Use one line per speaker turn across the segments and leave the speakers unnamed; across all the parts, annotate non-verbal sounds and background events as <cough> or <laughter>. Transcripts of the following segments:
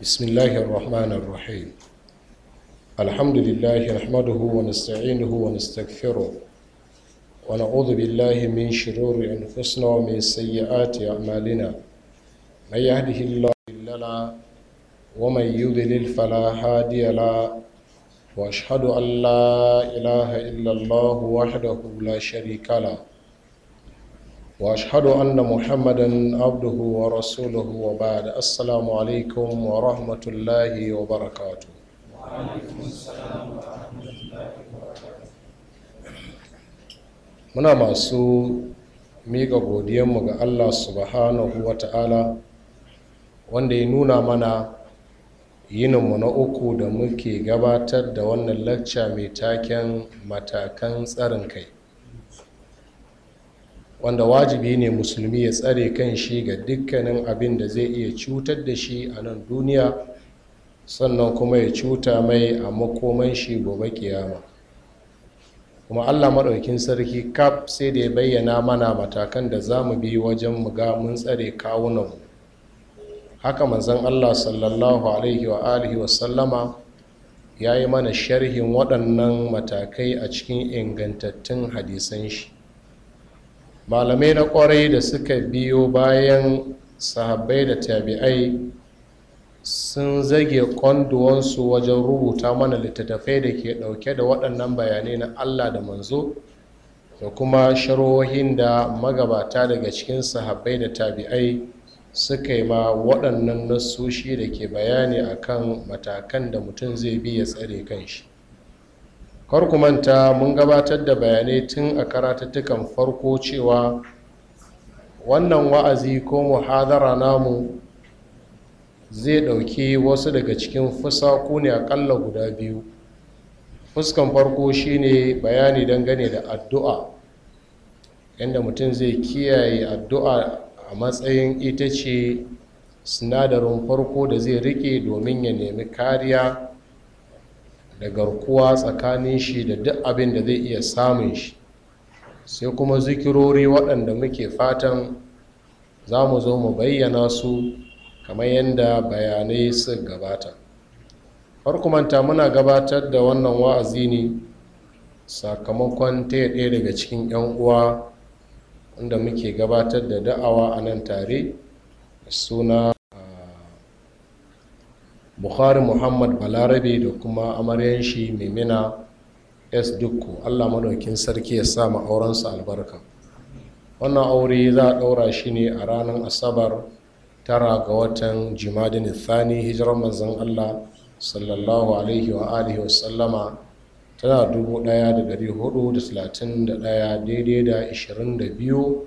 بسم الله الرحمن الرحيم الحمد لله نحمده ونستعينه ونستغفره ونعوذ بالله من شرور أنفسنا ومن سيئات أعمالنا من يهده الله إلا ومن يضلل فلا هادي له وأشهد أن لا إله إلا الله وحده لا شريك له واشهد ان محمدا عبده ورسوله وبعد السلام عليكم ورحمه الله وبركاته muna masu miƙa godiyanmu ga Allah subhanahu wa ta'ala wanda ya nuna mana yininmu na uku da muke gabatar da wannan lacca mai taken matakan tsarin kai wanda wajibi ne musulmi ya tsare kan shi ga dukkanin abin da zai iya cutar da shi a nan duniya sannan kuma ya cuta mai a makoman shi gobe kiyama kuma allah maɗaukin sarki kaf sai da ya bayyana mana matakan da za mu bi wajen mu ga mun tsare kawunanmu haka manzan allah sallallahu alaihi wa alihi wasallama ya yi mana sharhin waɗannan matakai a cikin ingantattun hadisan shi malamai na kwarai da suka biyo bayan sahabbai da tabi'ai sun zage kwanduwansu wajen rubuta mana littattafai da ke dauke da waɗannan bayanai na allah da manzo da kuma sharohin da magabata daga cikin sahabbai da tabi'ai suka yi ma waɗannan nasoshi da ke bayani akan matakan da mutum zai bi ya tsare kanshi kar manta mun gabatar da bayanai tun a karatattukan farko cewa wannan wa'azi ko muhadara namu zai ɗauki wasu daga cikin fusaku ne akalla guda biyu fuskan farko shine bayani dangane da addu'a yadda mutum zai kiyaye addu'a a matsayin ita ce sinadarin farko da zai rike domin ya nemi kariya da garkuwa tsakanin shi da duk abin da zai iya samun shi sai kuma zikirori waɗanda muke fatan za mu zo mu bayyana su kamar yadda bayanai su gabata manta muna gabatar da wannan wa'azi ne sakamakon taya ɗaya daga cikin 'yan uwa wanda muke gabatar da da'awa a nan tare suna bukhari muhammad balarabe da kuma amaryan shi s dukku allah madaukin sarki ya sa aurensa albarka wannan aure za a ɗaura shi ne a ranar asabar tara ga watan jimadin thani hijirar manzan allah sallallahu alaihi wa alihi wasallama tana 1431 daidai da biyu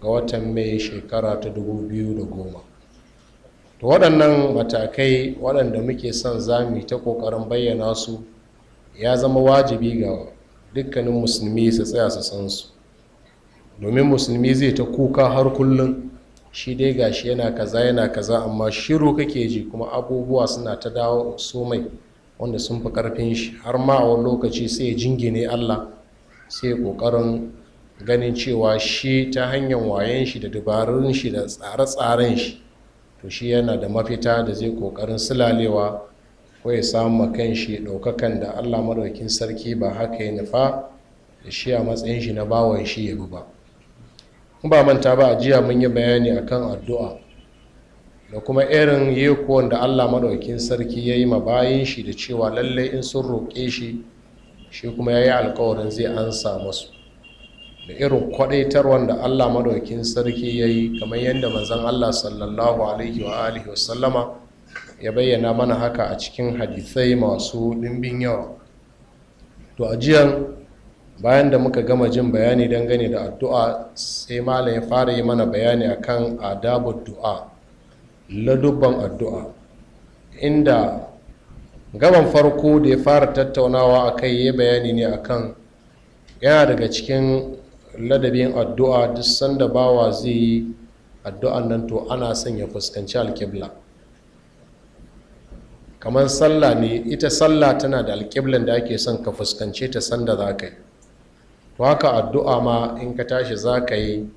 ga watan mai shekara ta dubu biyu da goma. to waɗannan matakai waɗanda muke son zami ta ƙoƙarin bayyana su ya zama wajibi ga dukkanin musulmi su tsaya su san su domin musulmi zai ta kuka har kullum shi dai gashi yana kaza yana kaza amma shiru kake ji kuma abubuwa suna ta dawo so mai wanda sun fi karfin shi har ma a wani lokaci sai jingine allah sai kokarin ganin cewa shi ta hanyar wayen shi da dabarun shi da tsare-tsaren shi to shi yana da mafita da zai kokarin sulalewa ko ya samu makan shi ɗaukakan da allah maɗaukin sarki ba haka ya nufa da shi a matsayin shi na bawon shi ya ba ba manta ba a jiya mun yi bayani akan addu'a da kuma irin yekuwan da allah maɗaukin sarki ya yi ma bayan shi da cewa lallai in sun roƙe shi shi kuma ya yi alkawarin zai ansa masu da irin kwadaitarwan da allah madaukin sarki ya yi kamar yadda manzan allah sallallahu alaihi wa alihi wasallama ya bayyana mana haka a cikin hadithai masu ɗimbin yawa to ajiyan bayan da muka gama jin bayani gani da addu'a sai malam ya fara yi mana bayani akan adabu du'a ladubban addu'a inda gaban farko da ya fara tattaunawa a kai ya bayani ne akan yana daga cikin ladabin addu'a duk sanda bawa zai yi addu'an nan to ana son ya fuskanci alƙibla kamar sallah ne ita sallah tana da alƙiblan da ake son ka fuskance ta sanda za ka yi to haka addu'a ma in ka tashi za ka yi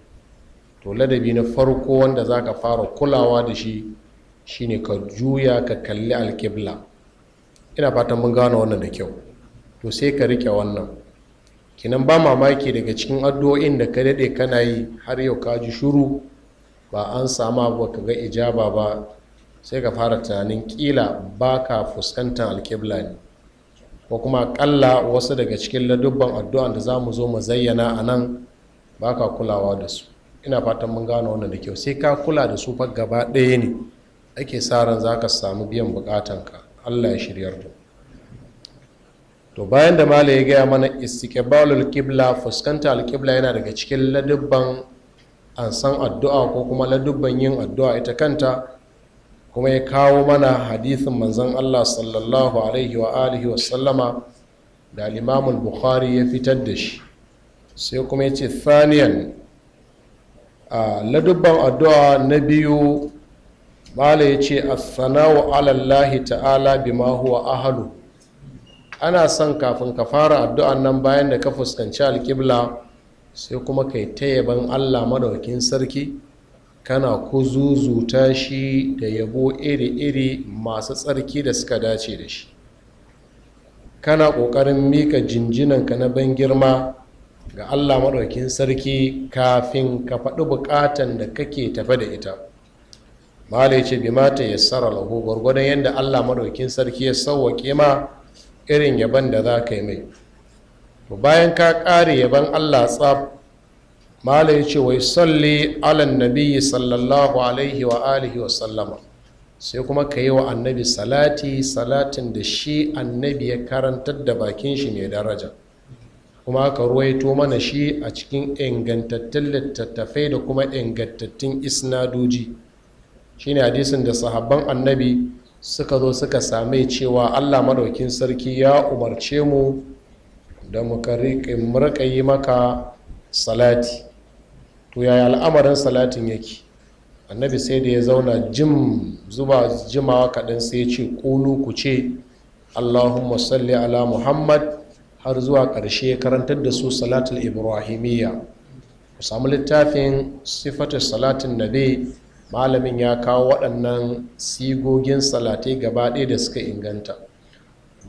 to ladabi na farko wanda za ka fara kulawa da shi shi ne ka juya ka kalli alƙibla ina fatan mun gane wannan da kyau to sai ka rike wannan kinan ba mamaki daga cikin addu'o'in da ka daɗe kana yi har yau ka ji shuru ba an samu abu ka ga ijaba ba sai ka fara tunanin kila ba ka fuskantar alkibla ne ko kuma kalla wasu daga cikin ladubban addu'an da za mu zo mu zayyana a nan ba ka kulawa da su ina fatan mun gano wannan da kyau sai ka kula da su fa gaba ɗaya ne ake sa ran za ka samu biyan bukatanka allah ya shiryar da to bayan da mala ya gaya mana istiqbalul qibla fuskanta alqibla yana daga cikin ladubban an addu'a ko kuma ladubban yin addu'a ita kanta kuma ya kawo mana hadithin manzon Allah sallallahu alaihi wa alihi wa sallama da al bukhari ya fitar da shi sai kuma ya ce thaniyan a ladubban addu'a na biyu mala ya ce as-sana'u ala Allah ta'ala bima huwa ahlu ana son kafin ka fara addu'an nan bayan da ka fuskanci alƙibla sai kuma kai ta yaban allah madaukin sarki kana kuzuzuta zuzuta shi da yabo iri-iri masu tsarki da suka dace da shi kana ƙoƙarin mika jinjinanka na ban girma ga allah maɗaukin sarki kafin ka faɗi buƙatan da kake tafe da ita mala ce bi mata ya tsara lahu gwargwadon yadda allah maɗaukin sarki ya sauwa ma irin yaban da za ka yi mai to bayan ka ƙare yaban allah tsab mala ya ce wai salli alan nabiyyi sallallahu alaihi wa alihi wa sallama sai kuma ka yi wa annabi salati salatin da shi annabi ya karantar da bakin shi mai daraja kuma ka ruwaito mana shi a cikin ingantattun littattafai da kuma ingantattun isnadoji shine hadisin da sahabban annabi suka zo suka same cewa allah maɗaukin sarki ya umarce mu da muka yi maka salati to yaya al'amarin salatin yake annabi sai da ya zauna jim zuba jimawa kaɗan sai ya ce ƙulu ku ce allahumma salli ala muhammad har zuwa ƙarshe karantar da su salatul ibrahimiyya ku samu littafin sifatu salatin nabi malamin ya kawo waɗannan sigogin salatai gaba ɗaya da suka inganta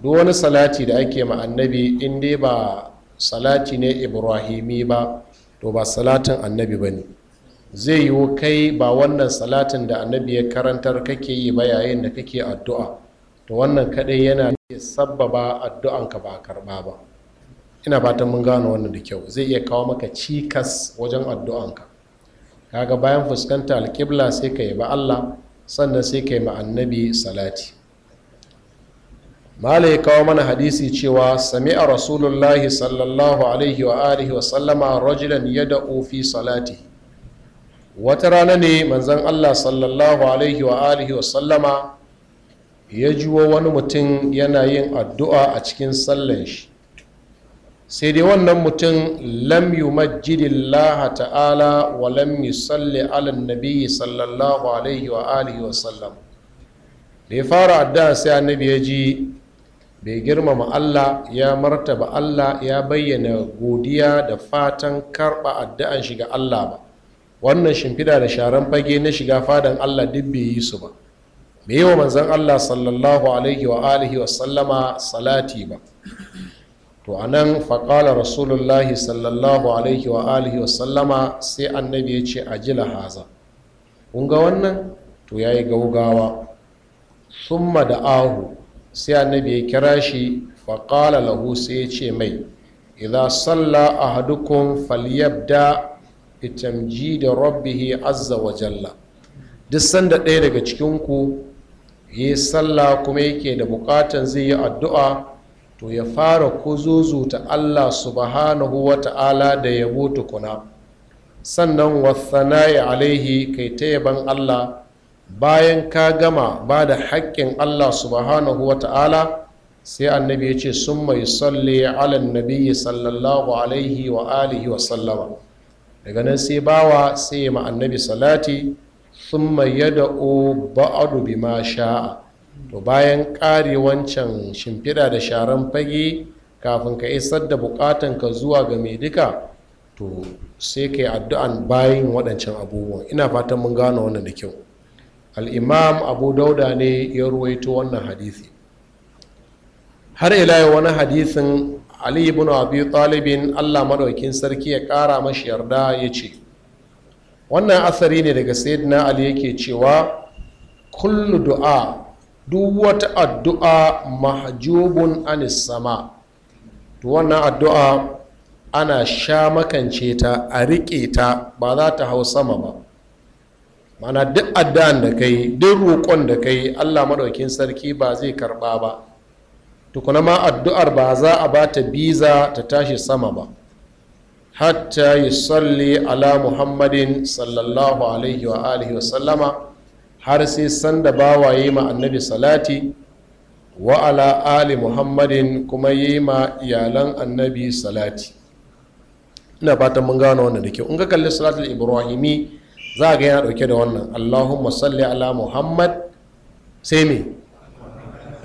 duk wani salati da ake ma annabi in dai ba salati ne ibrahimi ba to ba salatin annabi ba ne zai yi kai ba wannan salatin da annabi ya karantar kake yi ba yayin da kake addu'a to wannan kaɗai yana iya sabbaba addu'anka ba a karɓa ba ina fatan mun gano wannan da kyau zai iya kawo maka cikas wajen addu'anka kaga bayan fuskanta alƙibla sai ka ba Allah sannan sai ka yi annabi salati mala ya kawo mana hadisi cewa sami'a rasulullahi sallallahu alaihi wa alihi wa sallama rajulan fi salati wata rana ne manzon Allah sallallahu alaihi wa alihi wa sallama ya jiwo wani mutum yana yin addu'a a cikin sallan shi sai dai wannan mutum lam majjidillah ta'ala wa lam yusalli ala nabiyyi sallallahu alaihi wa alihi wa sallam bai fara addu'a sai annabi ya ji bai girmama Allah ya martaba Allah ya bayyana godiya da fatan karba addu'an shiga Allah ba wannan shimfida da sharan fage na shiga fadan Allah duk bai yi su ba bai yi wa manzon Allah sallallahu alaihi wa alihi wa sallama salati ba to a nan faƙalar rasulullahi sallallahu alaihi wa alihi wa sallama sai annabi ya ce a ji lahaza. kun ga wannan to ya yi gaugawa summa da ahu sai annabi ya kira shi faƙala lahu sai ya ce mai idha salla ahadukum falyabda da rabbihi azza wa jalla duk sanda ɗaya daga cikinku yi sallah kuma yake da buƙatan zai yi addu'a to ya fara ta Allah subhanahu wa ta'ala da yabo tukuna sannan wasana'i alaihi kai ta yaban Allah bayan ka gama ba da haƙƙin Allah subhanahu wa ta'ala sai annabi ya ce sun mai salli alan nabiyyi sallallahu alaihi wa alihi wa sallama daga nan sai bawa sai ma annabi salati sun mai yada'o ba'adu bi ma sha'a to bayan ƙare wancan shimfiɗa da sharan fage kafin ka isar da ka zuwa ga mai duka to sai ka yi addu'an bayan waɗancan abubuwan ina fatan mun gano wannan da kyau al'imam abu dauda ne ya ruwaito wannan hadisi har ila yau wani hadisin ali ibn abi talibin allah maɗaukin sarki ya ƙara mashi yarda ya ce wannan asari ne daga sayyidina ali yake cewa kullu du'a duk wata addu'a mahjubun anis sama to wannan addu'a ana sha makance ta a riƙe ta ba za ta hau sama ba mana duk addu'an da kai duk roƙon da kai allah maɗaukin sarki ba zai karɓa ba tukuna ma addu'ar ba za a ba ta biza ta tashi sama ba hatta yi salli ala muhammadin sallallahu alaihi wa alihi wa sallama har sai sanda bawaye ma annabi salati wa ala ali muhammadin kuma yi ma iyalan annabi salati ina fatan mun gano wannan da kyau in ka kalli salatul ibrahimi za ga yana dauke da wannan allahumma salli ala muhammad sai me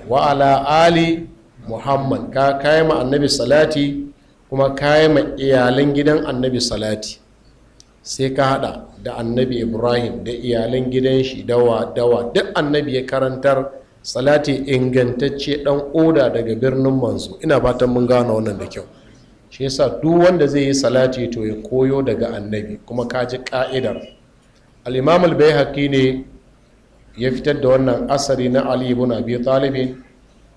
wa ala ali muhammad ka kayi ma annabi salati kuma kayi ma iyalan gidan annabi salati sai ka hada da annabi ibrahim da iyalan gidan shi dawa dawa duk annabi ya karantar salati ingantacce dan oda daga birnin manzo ina fatan mun gano wannan da kyau shi yasa duk wanda zai yi salati to ya koyo daga annabi kuma ka ji ka'idar al-imam al bayhaqi ne ya fitar da wannan asari na ali ibn abi talib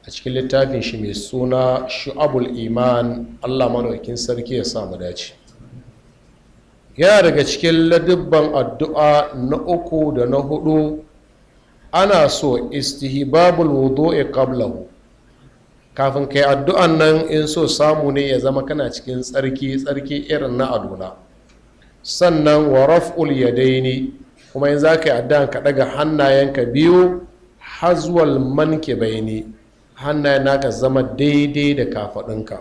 a cikin littafin shi mai suna shu'abul iman Allah madaukakin sarki ya sa mu dace yana daga cikin ladubban addu'a na uku da na hudu ana so wudu e kablahu kafin kai addu'an nan in so samu ne ya zama kana cikin tsarki tsarki irin na aduna sannan wa ya daini kuma in za ka yi addu'an ka daga hannayenka biyu hazwal ne, hannayen naka zama daidai da kafaɗinka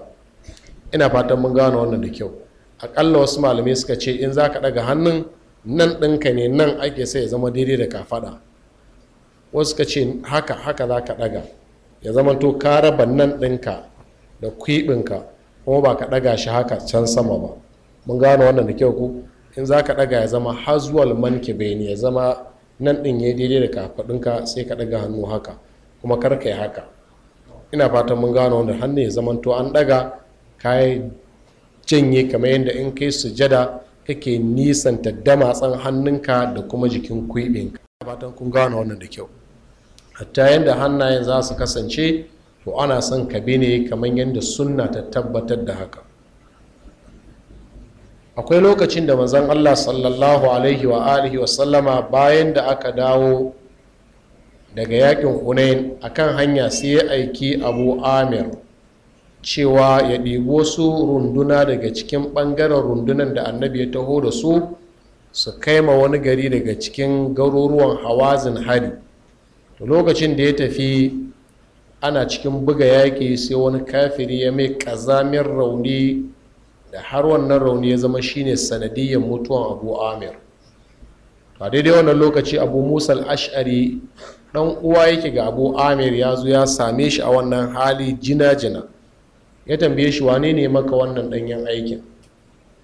ina fatan mun gano wannan da kyau aƙalla wasu malamai suka ce in za ka ɗaga hannun nan ɗinka ne nan ake sai ya zama daidai da kafaɗa wasu suka ce haka haka za ka ɗaga ya zama to ka raba nan ɗinka da kwiɓinka kuma ba ka ɗaga shi haka can sama ba mun gano wannan da kyau ku in za ka ɗaga ya zama hazuwal manke bayani ya zama nan ɗin ya daidai da kafaɗinka sai ka ɗaga hannu haka kuma kar ka yi haka ina fatan mun gano wanda hannu ya zama to an ɗaga kayan. janye kamar yadda in kai sujada kake nisanta damatsan hannunka da kuma jikin kwiɓinka fatan kun gane wannan da kyau hatta yadda hannayen za su kasance to ana son ka bi ne kamar yadda sunna ta tabbatar da haka akwai lokacin da manzon allah sallallahu alaihi wa alihi wa sallama bayan da aka dawo daga yakin hunain akan hanya sai ya aiki abu amir cewa ya ɗigo wasu runduna daga cikin ɓangaren rundunan da annabi ya taho da su su kai ma wani gari daga cikin garuruwan hawazin hari to lokacin da ya tafi ana cikin buga yaƙi sai wani kafiri ya mai ƙazamin rauni da har wannan rauni ya zama shine sanadiyyar mutuwan abu amir a daidai wannan lokaci abu musal ash'ari ɗan uwa yake ga abu amir ya zo ya same shi a wannan hali jina-jina ya tambaye shi wane ne maka wannan danyen aikin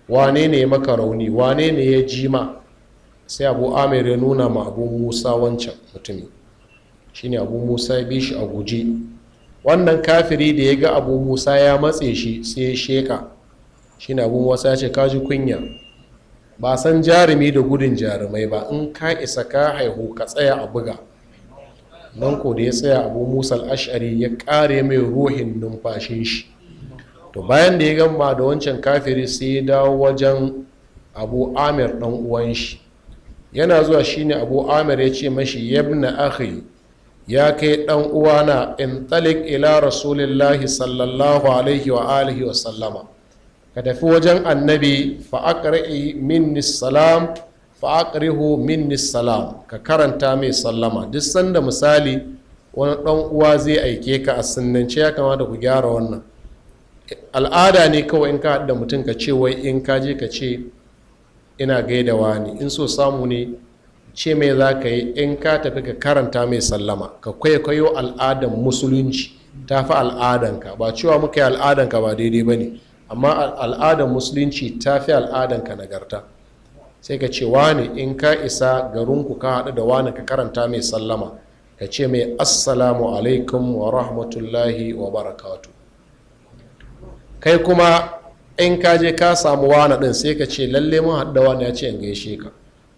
wane ne maka rauni wane ne ya ji sai abu amir ya nuna ma abu musa wancan mutumi ne abu musa ya bi shi a guji? wannan kafiri da ya ga abu musa ya matse shi sai ya sheka ne abu musa ya ce kaji kunya ba san jarumi da gudun jarumai ba in ka isa ka haihu ka tsaya a buga don ko da ya tsaya abu musa al'ashari ya kare mai ruhin numfashin shi to bayan da ya gama da wancan kafiri sai ya dawo wajen abu amir dan uwan shi yana zuwa shine abu amir ya ce mashi yabna ahi ya kai dan uwana in talik ila rasulillahi sallallahu alaihi wa alihi wa sallama ka tafi wajen annabi fa'aqri minni salam fa'aqrihu minni salam ka karanta mai sallama duk sanda misali wani dan uwa zai aike ka a sunnance ya kamata ku gyara wannan al'ada ne kawai in ka da mutum ka ce wai in ka je ka ce ina gaidawa ne in so samu ne ce mai za ka yi in ka tafi ka karanta mai sallama ka kwaikwayo al'adan musulunci ta fi al'adanka ba cewa muka yi al'adanka ba daidai ba ne amma al'adar musulunci ta fi al'adanka nagarta sai ka ce wani in ka isa garinku ka haɗu da wani ka karanta mai sallama ka ce mai assalamu alaikum wa rahmatullahi wa barakatu kai kuma in ka je ka samu wani ɗin sai ka ce lalle mun haɗa wani ya ce in gaishe ka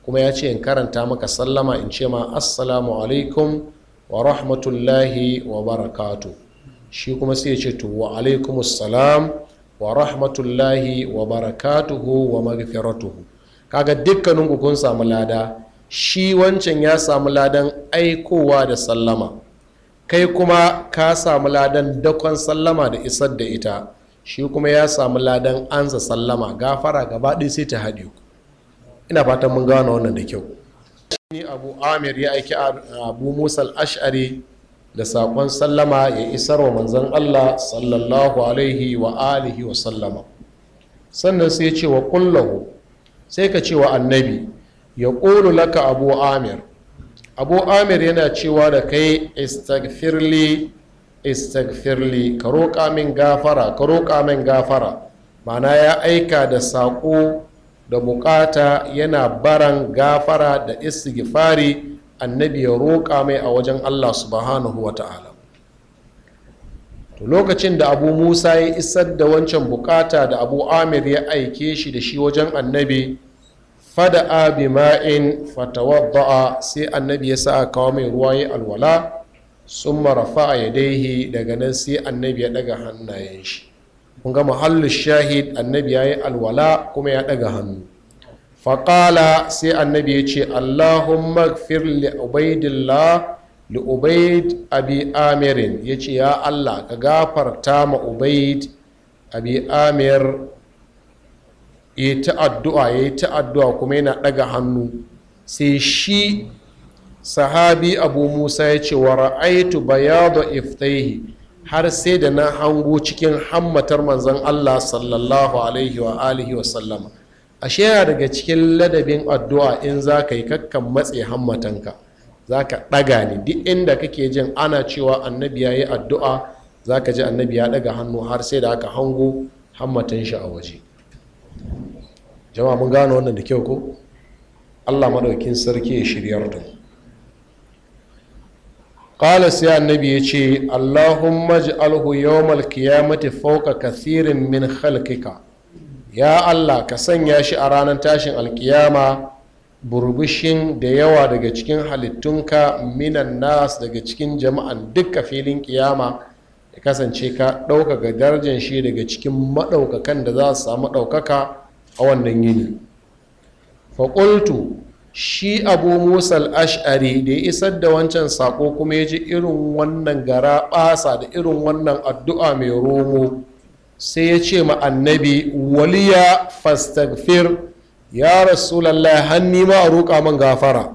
kuma ya ce in karanta maka sallama in ce ma assalamu alaikum wa rahmatullahi wa barakatu shi kuma sai ce to wa alaikumussalam wa rahmatullahi wa barakatuhu wa magfiratuhu kaga dukkanin kun samu lada shi wancan ya samu ladan aikowa da sallama kai kuma ka samu ladan dakon sallama da isar da ita shi kuma ya samu ladan ansa sallama gafara gaba ɗin sai ta haɗe ku ina fatan mun gano wannan da kyau ne abu amir ya aiki abu musal ash'ari da saƙon sallama ya isar wa manzan allah sallallahu alaihi wa alihi wa sallama sannan sai ce wa kullahu sai ka ce wa annabi ya ƙulu laka abu amir abu amir yana cewa da kai istaghfirli istagfirli ka roƙa min gafara ka roƙa min gafara mana ya aika da saƙo da buƙata yana baran gafara da istighfari annabi ya roƙa mai a wajen allah subhanahu wa ta'ala to lokacin da abu musa ya isar da wancan buƙata da abu amir ya aike shi da shi wajen annabi fada abi ma'in fatawadda'a sai annabi ya sa kawo mai ruwa ya alwala sun marafa a yadaihi daga nan sai annabi ya daga hannayen shi kun ga mahallin shahid annabi ya yi alwala kuma ya daga hannu faƙala sai annabi ya ce allahumma gfir li ubaidillah abi amirin ya ce ya allah ka gafarta ma ubaid abi amir ya ta addu'a kuma yana daga hannu sai shi sahabi abu musa ya ce wa ra'aitu bayadu iftaihi har sai da na hango cikin hammatar manzon allah sallallahu alaihi wa alihi wa sallama ashe daga cikin ladabin addu'a in za ka yi kakkan matse hammatanka za ka ɗaga ne duk inda kake jin ana cewa annabi ya yi addu'a za ka ji annabi ya ɗaga hannu har sai da aka hango hammatan shi a waje jama'a mun gano wannan da kyau ko allah maɗaukin sarki ya shiryar da mu ƙala sai annabi ya ce allahumma ji'alhu yawmal qiyamati fawqa kathirin min khalqika ya allah ka sanya shi a ranar tashin alkiyama burbushin da yawa daga cikin halittunka minan nas daga cikin jama'an dukka filin kiyama da kasance ka ɗaukaka darajar shi daga cikin maɗaukakan da za su samu ɗaukaka a wannan yini faƙultu shi abu musa ash'ari da ya isar da wancan sako kuma ya ji irin wannan gara basa da irin wannan addu'a mai romo sai ya ce ma annabi waliya fastagfir ya rasulallah hannu ma a roƙa man gafara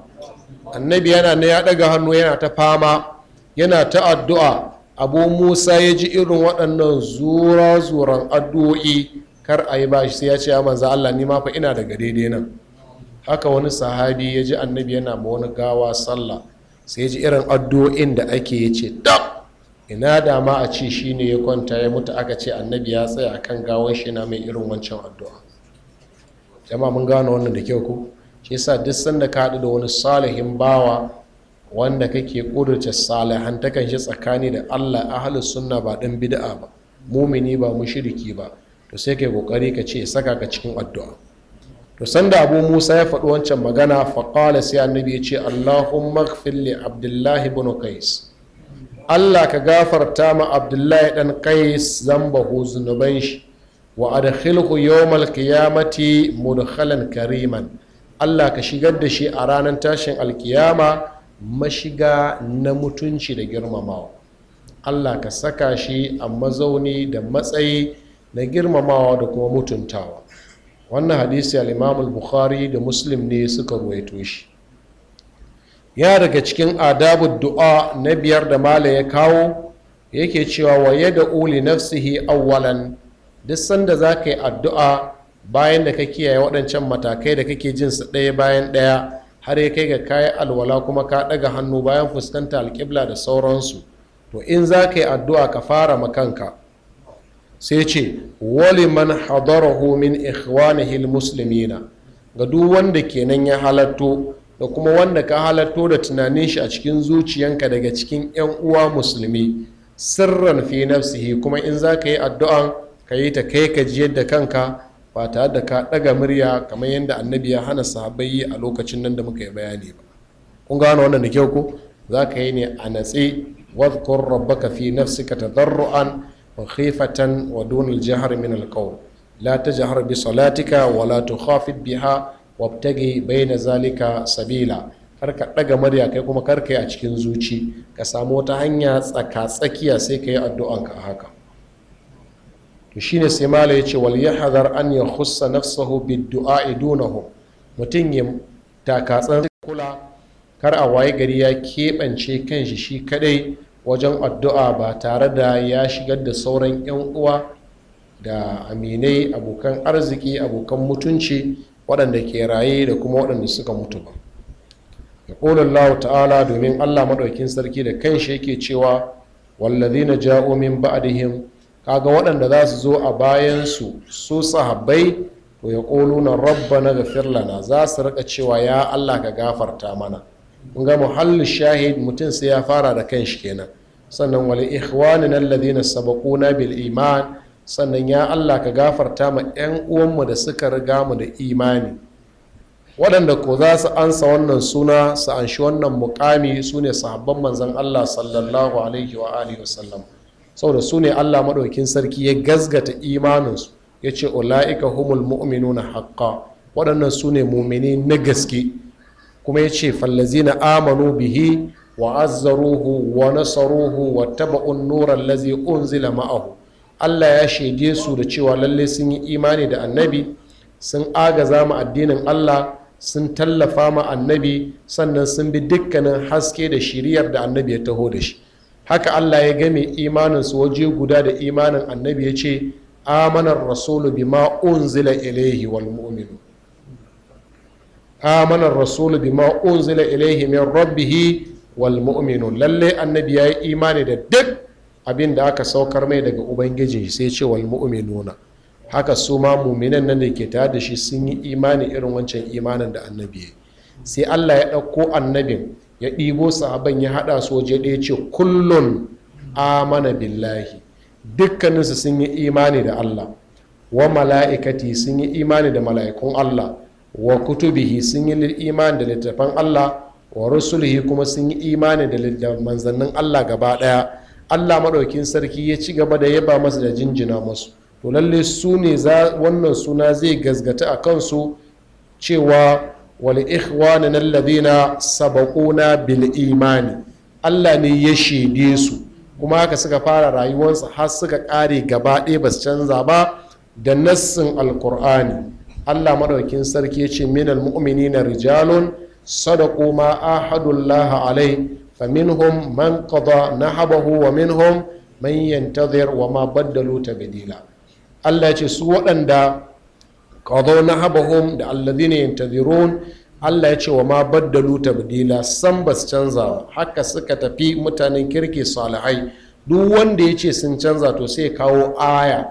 annabi yana na ya ɗaga hannu yana ta fama yana ta addu'a abu musa ya ji irin waɗannan zura-zuran addu'o'i kar a yi ba shi sai ya ce ya manza allah ni ma fa ina daga daidai nan haka wani sahabi ya ji annabi yana ma wani gawa sallah sai ji irin addu'o'in da ake ya ce ina da ma a ce shi ne ya kwanta ya mutu aka ce annabi ya tsaya a kan gawon shi na mai irin wancan addu'a jama mun gano wannan da kyau ku. shi yasa duk sanda ka haɗu da wani salihin bawa wanda kake ƙudurce salihan takan shi tsakani da allah ahli sunna ba ɗan bida'a ba mumini ba mushriki ba to sai kai kokari ka ce saka ka cikin addu'a to sanda abu musa ya faɗi wancan magana faƙala sai annabi ya ce allahumma li abdullahi bin qais allah ka gafarta ma abdullahi dan qais zambahu zunuban shi wa adkhilhu yawmal qiyamati mudkhalan kariman allah ka shigar da shi a ranar tashin alkiyama mashiga na mutunci da girmamawa allah ka saka shi a mazauni da matsayi na girmamawa da kuma mutuntawa wannan hadisi al bukhari da muslim ne suka ruwaito shi ya daga cikin adabu du'a na biyar da mala ya kawo yake cewa wa da uli nafsihi awwalan duk sanda za ka yi addu'a bayan da ka kiyaye waɗancan matakai da kake jin su ɗaya bayan ɗaya har ya kai ga kayan alwala kuma ka ɗaga hannu bayan fuskanta alƙibla da sauransu to in za ka yi addu'a ka fara makanka sai ce wali man hadarahu min ikhwanihi almuslimina ga duk wanda kenan ya halatto da kuma wanda ka halatto da tunanin shi a cikin zuciyanka daga cikin yan uwa musulmi sirran fi nafsihi kuma in za ka yi addu'an ka yi ta kai ka ji yadda kanka ba tare da ka ɗaga murya kamar yadda annabi ya hana sahabbai a lokacin nan da muka yi bayani ba kun gano wannan da kyau ko za ka yi ne a natse wadhkur rabbaka fi nafsika tadarru'an wa khifatan wa dunal jihar min alqawl la tajhar bi salatika wa la biha wabtagi baina zalika sabila kar ka daga murya kai kuma kar kai a cikin zuci ka samu wata hanya tsaka tsakiya sai ka yi addu'anka a haka to shine sai mala yace wal yahdhar an yakhussa nafsahu bid du'a dunahu mutum ya takatsan kula kar a waye gari ya keɓance kanshi shi kadai wajen addu'a ba tare da ya shigar da sauran 'yan uwa da aminai abokan arziki abokan mutunci waɗanda ke raye da kuma waɗanda suka mutu ba ya ƙolin ta'ala domin allah maɗaukin sarki da kanshi yake cewa wallazi na ja'omin ba'adihim kaga waɗanda za su zo a bayansu su sahabbai to ya ƙolo na rabba na gafir lana za su riƙa cewa ya allah ka gafarta mana Muga ga muhallin shahid mutum sai ya fara da kan shi kenan sannan na na alladhina sabaquna bil iman sannan ya Allah ka gafarta ma yan uwanmu da suka riga mu da imani waɗanda ko za su ansa wannan suna su anshi wannan mukami su ne sahabban manzan Allah sallallahu alaihi wa alihi wasallam saboda su ne Allah maɗaukin sarki ya gazgata imaninsu ya ce ula'ika humul mu'minuna haqqa waɗannan su ne mumini na gaske kuma ya ce na amanu bihi wa azzaruhu wa nasaruhu wa taba'un nuran lazi unzila ma'ahu Allah ya shaide su da cewa lalle sun yi imani da annabi sun agaza ma addinin Allah sun tallafa ma annabi sannan sun bi dukkanin haske da shiriyar da annabi ya taho da shi haka Allah ya game imanin su waje guda da imanin annabi ya ce amanar rasulu bima unzila ilaihi wal mu'minu amana rasulu bima unzila ilaihi min rabbihi wal mu'minun lalle annabi yayi imani da duk abin da aka saukar mai daga ubangiji sai ce wal mu'minuna haka su ma mu'minan nan da ke ta da shi sun yi imani irin wancan imanin da annabi sai Allah ya ɗauko annabin ya ɗibo sahaban ya haɗa su waje ɗaya ce kullun amana billahi dukkaninsu sun yi imani da Allah wa mala'ikati sun yi imani da mala'ikun Allah wa kutubihi sun yi imani da littattafan Allah wa rusulihi kuma sun yi imani da manzannin Allah gaba daya Allah maɗaukin sarki ya ci gaba da yaba masa da jinjina masu to lalle su ne wannan suna zai gazgata a kansu cewa wal ikhwana alladhina sabaquna bil imani Allah ne ya shaide su kuma haka suka fara rayuwarsu har suka kare gaba ɗaya ba canza ba da nassin alkur'ani allah maɗaukin sarki ya ce minal mu'mini na rijalun sadaku ma ahadullah alai fa minhum man qada nahabahu wa minhum man yantazir wa ma baddalu tabdila allah ya ce su waɗanda qada nahabahum da alladhina yantazirun allah ya ce wa ma baddalu tabdila san bas canza haka suka tafi mutanen kirki salihai duk wanda ya ce sun canza to sai kawo aya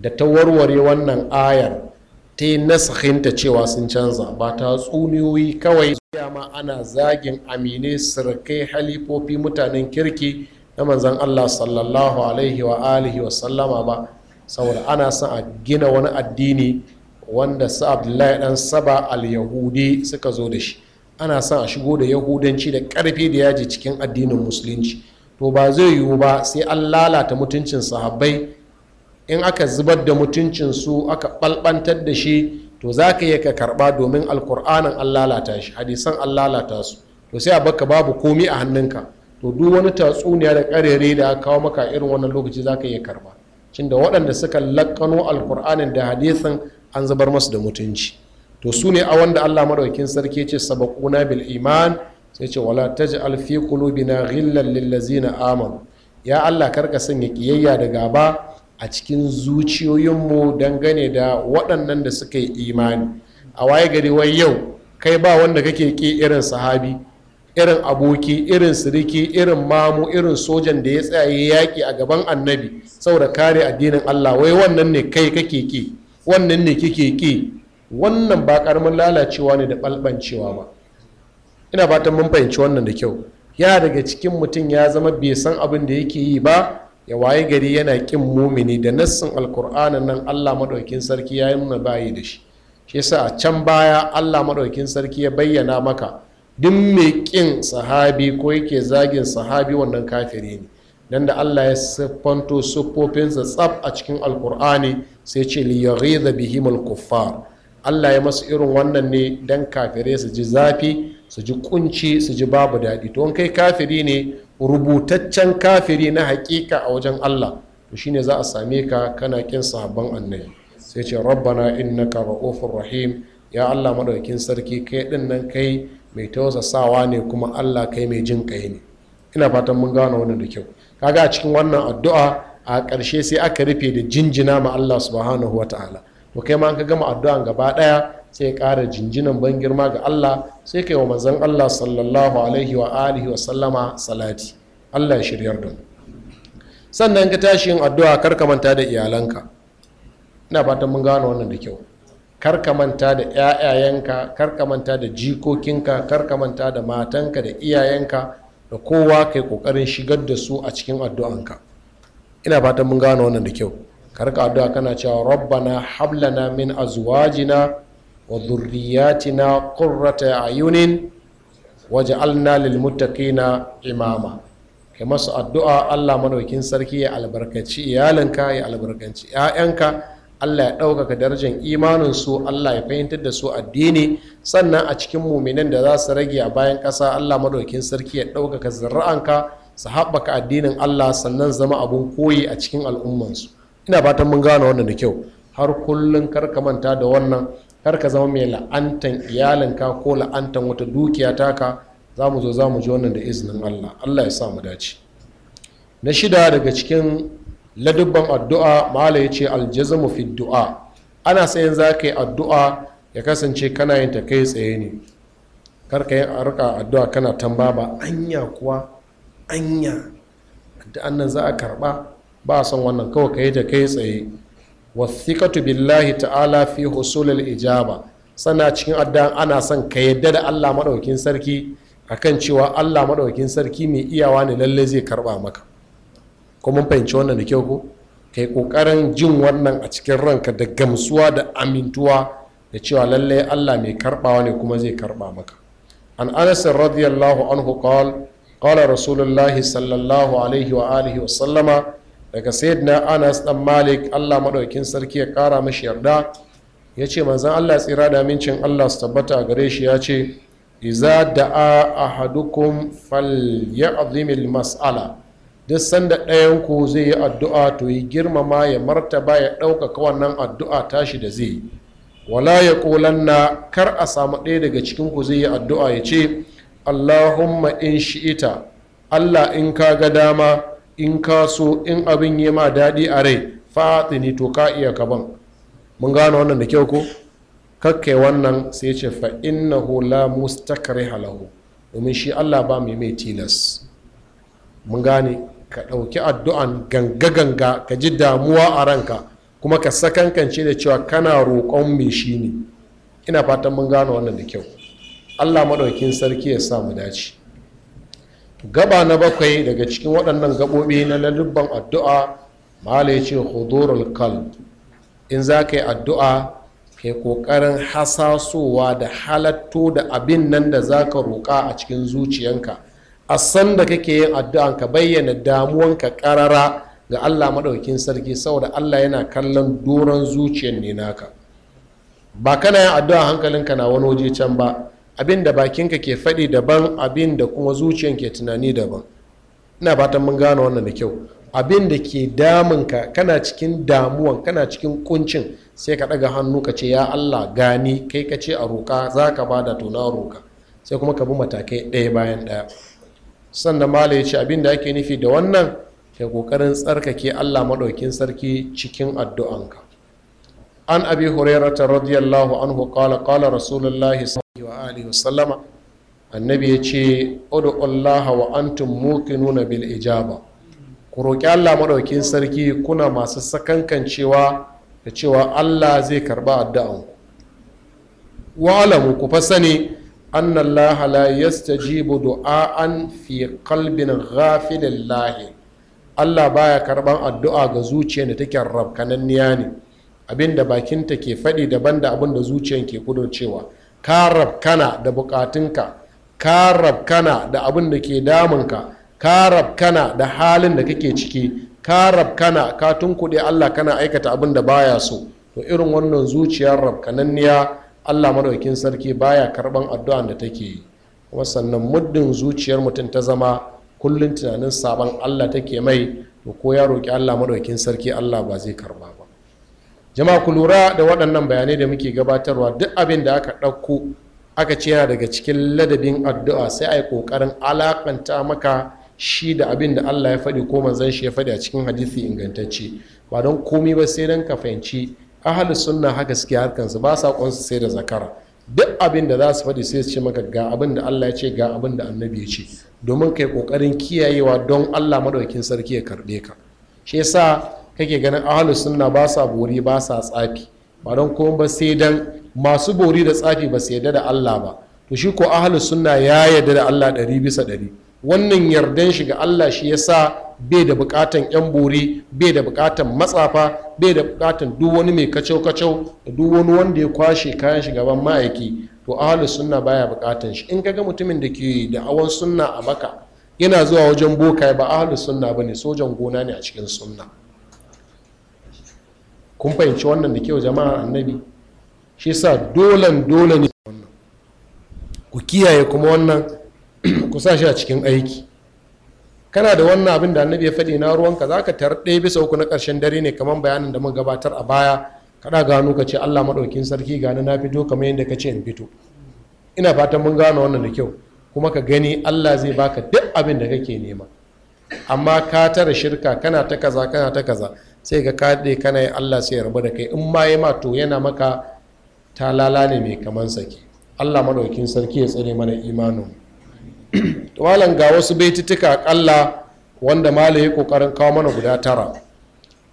da ta warware wannan ayar ta yi nasahinta cewa sun canza ba ta tsuniyoyi kawai ma ana zagin amine sirkai halifofi mutanen kirki na manzan allah sallallahu alaihi wa alihi wa sallama ba saboda ana son a gina wani addini wanda su abdullahi dan saba al-yahudi suka zo da shi ana son a shigo da yahudanci da karfi da yaji cikin addinin musulunci to ba zai yiwu ba sai an lalata mutuncin sahabbai in aka zubar da mutuncinsu aka ɓalɓantar da shi to za ka iya ka karɓa domin alkur'anin an lalata shi hadisan an lalata su to sai a baka babu komi a hannunka to duk wani tatsuniya da ƙarere da aka kawo maka irin wannan lokaci za ka iya karɓa cin da waɗanda suka lakano alkur'anin da hadisan an zubar masu da mutunci to su ne a wanda allah madaukin sarki ce sabakuna bil iman sai ce wala taj'al fi qulubina ghillan lil na amanu ya allah karka sanya kiyayya da gaba a cikin zuciyoyinmu dangane da waɗannan da suka yi imani a waye gari wai yau kai ba wanda kake ke irin sahabi irin aboki irin siriki irin mamu irin sojan da ya tsaye yaƙi a gaban annabi saboda kare addinin allah wai wannan ne kai kake ƙi wannan ne kake ƙi wannan ba ƙaramin lalacewa ne da ɓalɓancewa ba ina fatan mun fahimci wannan da kyau ya daga cikin mutum ya zama bai san abin da yake yi ba ya waye gari yana ƙin mumini da nassin alkur'anin nan allah maɗaukin sarki ya yi nuna bayi da shi shi yasa a can baya allah maɗaukin sarki ya bayyana maka duk mai ƙin sahabi ko yake zagin sahabi wannan kafiri ne dan da allah ya siffanto siffofinsa tsaf a cikin alkur'ani sai ce liyaghiza bihimul kuffar allah ya masu irin wannan ne dan kafirai su ji zafi su ji kunci su ji babu daɗi to kai kafiri ne rubutaccen kafiri na hakika a wajen Allah to shine za a same ka kana kin sahabban annabi sai ce rabbana innaka ra'ufur rahim ya Allah madaukakin sarki kai din nan kai mai tausasawa ne kuma Allah kai mai jin kai ne ina fatan mun gane wannan da kyau kaga a cikin wannan addu'a a ƙarshe sai aka rufe da jinjina ma Allah subhanahu wataala ta'ala to kai ma an ka gama addu'an gaba ɗaya sai ƙara jinjinan ban girma ga Allah sai kai wa manzon Allah sallallahu alaihi wa alihi wa sallama salati Allah shiryar da mu sannan ka tashi yin addu'a kar ka manta da iyalanka ina fatan mun gano wannan da kyau kar ka manta da ƴaƴayenka kar ka manta da jikokinka kar ka manta da matanka da iyayenka da kowa kai kokarin shigar da su a cikin addu'anka ina fatan mun gano wannan da kyau kar ka addu'a kana cewa rabbana hablana min azwajina wa a yunin waje waj'alna lil na imama kai masu addu'a Allah madaukin sarki ya albarkaci iyalinka ya albarkaci 'ya'yanka Allah ya ɗaukaka darajar imaninsu Allah ya fahimtar da su addini sannan a cikin muminan da za su rage a bayan ƙasa Allah madaukin sarki ya ɗaukaka zira'anka su haɓaka addinin Allah sannan zama abun koyi a cikin al'ummansu ina fatan mun gane wannan da kyau har kullum kar ka manta da wannan kar ka zama mai la'antan iyalinka ko la'antan wata dukiya taka za mu zo za mu ji wannan da izinin allah allah ya sa mu dace na shida daga cikin ladubban addu'a mala ya ce aljazamu fi du'a ana sayan za ka yi addu'a ya kasance kana yin ta kai tsaye ne Kar ka yi arka addu'a kana tamba ba anya kuwa anya da annan za a karba ba a son wannan kawai ka yi ta kai tsaye wathiqatu billahi ta'ala fi husulil ijaba sana cikin addan ana son ka yadda da Allah maɗaukin sarki akan cewa Allah maɗaukin sarki mai iyawa ne lalle zai karɓa maka Kuma fahimci wannan da kyau ko kai ƙoƙarin jin wannan a cikin ranka da gamsuwa da amintuwa da cewa lallai Allah mai karbawa ne kuma zai karɓa maka an Anas radiyallahu anhu qala qala rasulullahi sallallahu alaihi wa alihi wa sallama daga sayyidina anas dan malik allah maɗaukin sarki ya ƙara mashi yarda ya ce manzan allah tsira da amincin allah su tabbata gare shi ya ce iza da'a ahadukum azimil mas'ala duk sanda ɗayanku zai yi addu'a to yi girmama ya martaba ya ɗaukaka wannan addu'a tashi da zai wala ya na, kar a samu ɗaya daga cikinku zai yi addu'a ya ce allahumma in shi ita, allah in ka ga dama in ka so in abin yi ma daɗi a rai ne to ka iya kaban mun gano wannan da kyau ko kakkai wannan sai ce fa na la mustakar halahu domin shi Allah ba mai mai tilas mun gane ka ɗauki addu'an ganga-ganga ka ji damuwa a ranka kuma ka sakankance da cewa kana roƙon mai shi ne ina fatan mun gano wannan da kyau Allah maɗaukin sarki ya sa mu dace gaba na bakwai daga cikin waɗannan gaɓoɓi na lalubban addu'a malai ce hudurul kal in za ka yi addu'a ke ƙoƙarin hasasowa da halatto da abin nan da za ka roƙa a cikin zuciyanka a san da kake yin addu'an ka bayyana damuwanka ƙarara ga allah maɗaukin sarki saboda allah yana kallon doron zuciyar ne naka ba kana yin addu'a hankalinka na wani waje can ba abin da bakinka ke faɗi daban abin da kuma zuciyan ke tunani daban ina fatan mun gane wannan da kyau abin da ke ka, kana cikin damuwan kana cikin kuncin sai ka ɗaga hannu ka ce ya allah gani kai ka ce a roƙa za ka ba da tona roƙa sai kuma ka bi matakai ɗaya bayan ɗaya sannan mala ya ce abin da ake nufi da wannan ke ƙoƙarin tsarkake allah maɗaukin sarki cikin addu'anka an abi hurairata radiyallahu anhu qala qala rasulullahi wa alihi wasallama annabi ya ce allaha wa antum bil ijaba ku roƙi Allah maɗaukin sarki kuna masu sakankancewa da cewa Allah zai karɓi addu'an wa alamu ku fa sani anna Allah la jibu du'aan fi kalbin ghafilin lahi Allah baya karɓar addu'a ga zuciyar da take rabkananniya ne abinda bakinta ke faɗi daban da abinda da zuciyar ke kudurcewa cewa ka rabkana da bukatunka ka rabkana da abin da ke damunka ka rabkana da halin da kake ciki ka rabkana ka tunkuɗe allah kana aikata abin da baya so to irin wannan zuciyar rabkananniya allah maɗaukin sarki baya karɓan addu'an da take yi Kuma sannan muddin zuciyar mutum ta zama kullum tunanin sabon allah take mai to ko ya roƙi allah maɗaukin sarki allah ba zai karɓa jama'a ku lura da waɗannan bayanai da muke gabatarwa duk abin da aka ɗauko aka ce yana daga cikin ladabin addu'a sai a yi ƙoƙarin alaƙanta maka shi da abin da allah ya faɗi ko manzan shi ya faɗi a cikin hadisi ingantacce ba don komi ba sai don ka fahimci ahalus sunna haka suke su ba sa ƙwansu sai da zakara duk abin da za su faɗi sai su ce maka ga abin da allah ya ce ga abin da annabi ya ce domin kai ƙoƙarin kiyayewa don allah maɗaukin sarki ya karɓe ka shi yasa kake ganin ahalus sunna ba sa bori ba sa tsafi ba don kuma ba sai dan masu bori da tsafi ba su yarda da Allah ba to shi ko ahalus sunna ya yarda da Allah ɗari bisa ɗari wannan yardan shi ga Allah shi yasa bai da bukatan yan bori bai da bukatan matsafa bai da bukatan duk wani mai kacau kacau da duk wani wanda ya kwashe kayan shi gaban ma'aiki to ahalus sunna baya bukatan shi in kaga mutumin da ke da awon sunna a maka yana zuwa wajen boka ba ahalus sunna bane sojan gona ne a cikin sunna kun fahimci wannan da kyau jama'a annabi shi sa dolan dole ne ku kiyaye kuma wannan <clears throat> ku sa shi a cikin aiki kana da wannan abin da annabi ya faɗi na ruwanka za ka tar ɗaya bisa uku na ƙarshen dare ne kamar bayanin da mun gabatar a baya kaɗa gano ka ce allah maɗaukin sarki gani na fito kamar yadda ka ce in fito ina fatan mun gano wannan da kyau kuma ka gani allah zai baka duk abin da kake nema amma ka tara shirka kana ta kaza kana ta kaza sai ga kaɗe kana yi allah sai ya rabu da kai in ma yi ma to yana maka ta lalane mai kaman sake allah maɗaukin sarki ya tsare mana imanin walan ga wasu baitutuka ƙalla wanda mala ya ƙoƙarin kawo mana guda tara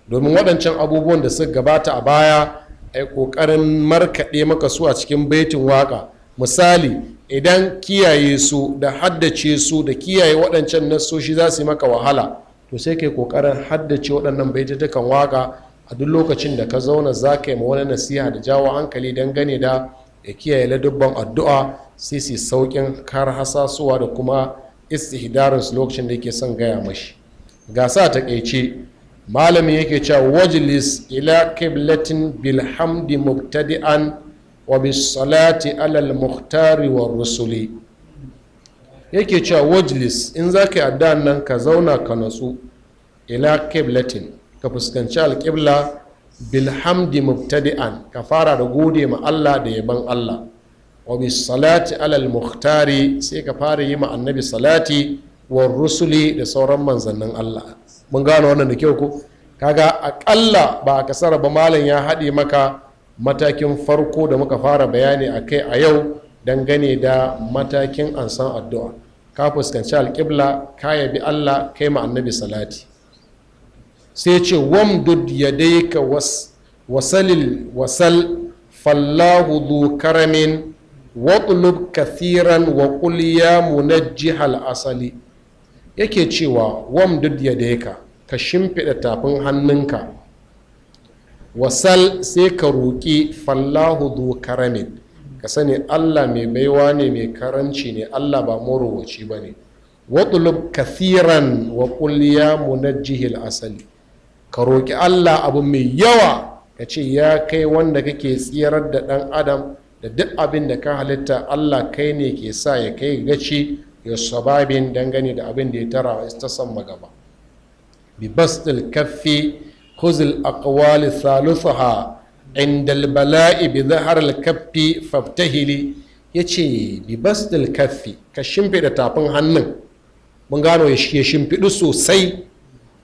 domin waɗancan abubuwan da suka gabata a baya a yi ƙoƙarin markaɗe maka su a cikin baitin waƙa misali idan kiyaye su da haddace su da kiyaye waɗancan nassoshi za su yi maka wahala to sai ke kokarin haddace waɗannan dukkan waka a duk lokacin da ka zauna za ka yi ma wani nasiha da jawo hankali don gane da ya kiyaye ladubban addu'a sai su saukin kar hasasuwa da kuma istihdarin su lokacin da yake son gaya mashi gasa sa takaice malami yake cewa wajlis ila qiblatin bilhamdi mubtadi'an wa bis salati alal muhtari wa rusuli yake cewa wajlis in za ka yi addu'an nan ka zauna ka natsu ila kiblatin ka fuskanci alƙibla bilhamdi mubtadi'an ka fara da gode ma Allah da yaban Allah wa bi salati alal muhtari sai ka fara yi ma annabi salati wa rusuli da sauran manzannin Allah mun gano wannan da kyau ko kaga akalla ba a kasara ba malam ya haɗe maka matakin farko da muka fara bayani a kai a yau dangane da matakin ansan addu'a ka fuskanci alƙibla ka yabi allah kai ma annabi salati sai ce wamdud ya daika wasalil wasal fallahu du karamin waɗulub kathiran wa ya munajjihal asali yake cewa wamdud ya daika ka shimfiɗa tafin hannunka wasal sai ka roƙi fallahu du karamin ka sani allah mai baiwa ne mai karanci ne allah ba marowaci ba ne waɗulub kathiran wa kulliya munajjihil asali ka roƙi allah abu mai yawa ka ce ya kai wanda kake tsirar da ɗan adam da duk abin da ka halitta allah kai ne ke sa ya kai gaci ya sababin dangane da abin da ya tara ta samma gaba bi bastil kaffi khuzul aqwali thalithaha indal bala'i bi kaffi faftahili ya ce bi basdil kaffi ka shimfiɗa tafin hannun mun gano ya shimfiɗu sosai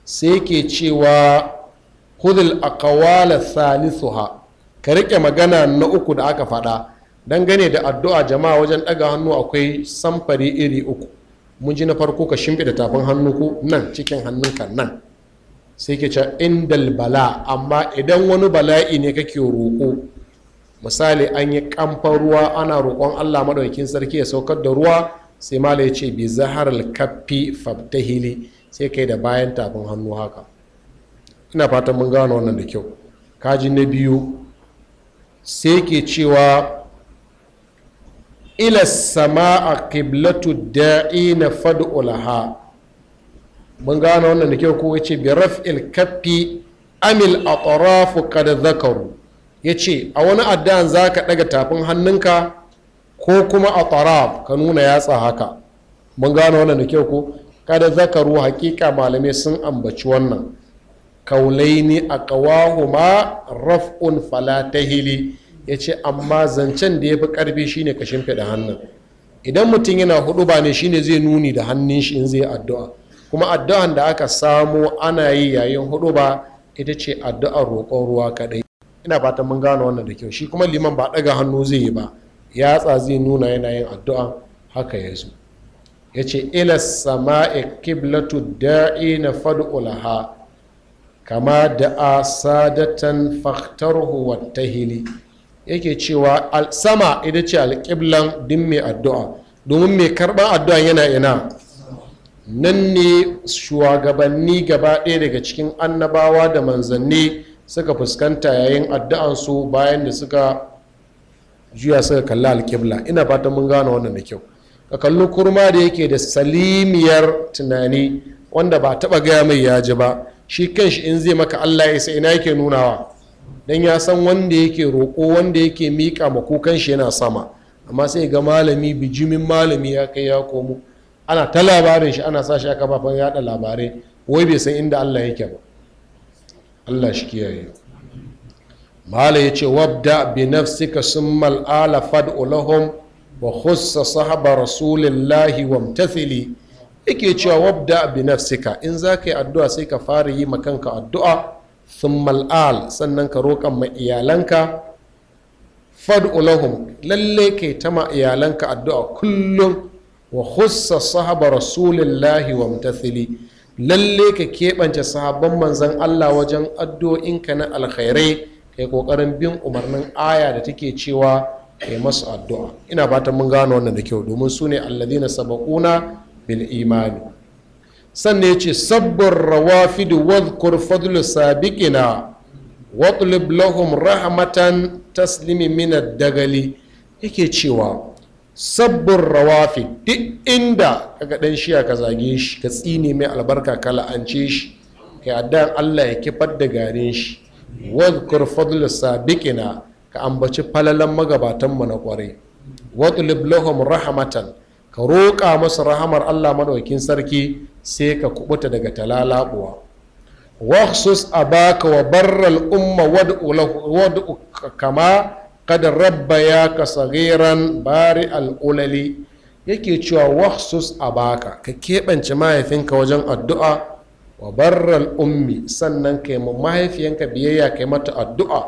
sai ke cewa hudul akawala salisuha ka riƙe magana na uku da aka faɗa dangane da addu'a jama'a wajen ɗaga hannu akwai samfari iri uku mun ji na farko ka shimfiɗa tafin hannu ku nan cikin hannunka nan sai ke ce indal bala amma idan wani bala'i ne kake roƙo misali an yi kamfan ruwa ana roƙon allah maɗaukin sarki ya saukar da ruwa sai mala ya ce bi zahar kaffi fabtahili sai kai da bayan tafin hannu haka ina fatan mun gano wannan da kyau kaji na biyu sai ke cewa ila a qiblatu da'ina fad'u mun gane wannan da kyau ko ya ce bi raf'il kaffi amil tsarafu kada zakaru ya ce a wani addan za ka ɗaga tafin hannunka ko kuma tsaraf ka nuna yatsa haka mun gane wannan da kyau ko kada zakaru hakika malamai sun ambaci wannan kaulaini a kawahuma raf'un falatahili ya ce amma zancen da ya fi ƙarfi shine ka shimfiɗa hannun idan mutum yana hudu ba ne shine zai nuni da hannun shi in zai addu'a kuma addu'an da aka samu ana yi yayin hudu ba ita ce addu'ar roƙon ruwa kaɗai ina fatan mun gano wannan da kyau shi kuma liman ba ɗaga hannu zai yi ba yatsa zai nuna yana yin addu'a haka ya zo ya ce ila sama'i kiblatu da'i na fad'ulaha kama da A, sadatan faktarhu hili yake cewa sama ita ce alƙiblan din mai addu'a domin mai karɓar addu'a yana ina nan ne shugabanni gaba ɗaya daga cikin annabawa da manzanni suka fuskanta yayin addu'ansu bayan da suka juya suka kalli alkibla ina fata mun gane wannan da kyau ka kalli kurma da yake da salimiyar tunani wanda ba taba gaya mai yaji ba shi kanshi in zai maka allah ya sai ina yake nunawa don ya san wanda yake roƙo wanda yake miƙa ma kukan shi yana sama amma sai ga malami bijimin malami ya kai ya komo ana ta labarin shi ana sa shi a kafafen yada labarai wai bai san inda allah yake ba allah shi kiyaye mala ya ce wabda bi nafsika summal ala fad ulahum wa khussa sahaba rasulillahi wa mtathili yake cewa wabda bi nafsika in za yi addu'a sai ka fara yi makanka addu'a summal al sannan ka roƙan ma iyalanka Fad ulahum lalle kai ta ma iyalanka addu'a kullum wa hussa sahaba rasulillahi wa mutathili lalle ka keɓance sahabban manzan Allah wajen addu'o'inka na alkhairai kai kokarin bin umarnin aya da take cewa kai masu addu'a ina fatan mun gano wannan da kyau domin su ne alladhina sabaquna bil imani sannan yace sabbur rawafid wadhkur fadlu sabiqina watlib lahum rahmatan taslimi min dagali yake cewa sabbin rawafi duk inda kaga dan shiya ka zage shi ka tsine mai albarka ka la'ance shi kai addan Allah ya kifar da garin shi wadhkur fadl sabiqina ka ambaci falalan magabatan mu na kwarai watlib lahum rahmatan ka roƙa musu rahmar Allah madaukin sarki sai ka kubuta daga talalabuwa واخصص abaka wa الأمة umma wadu ودعو kada rabba ya ka tsagiran bari al'ulali yake cewa wahsus a baka ka keɓance mahaifinka wajen addu'a wa barral ummi sannan ka yi mahaifiyanka biyayya ka yi mata addu'a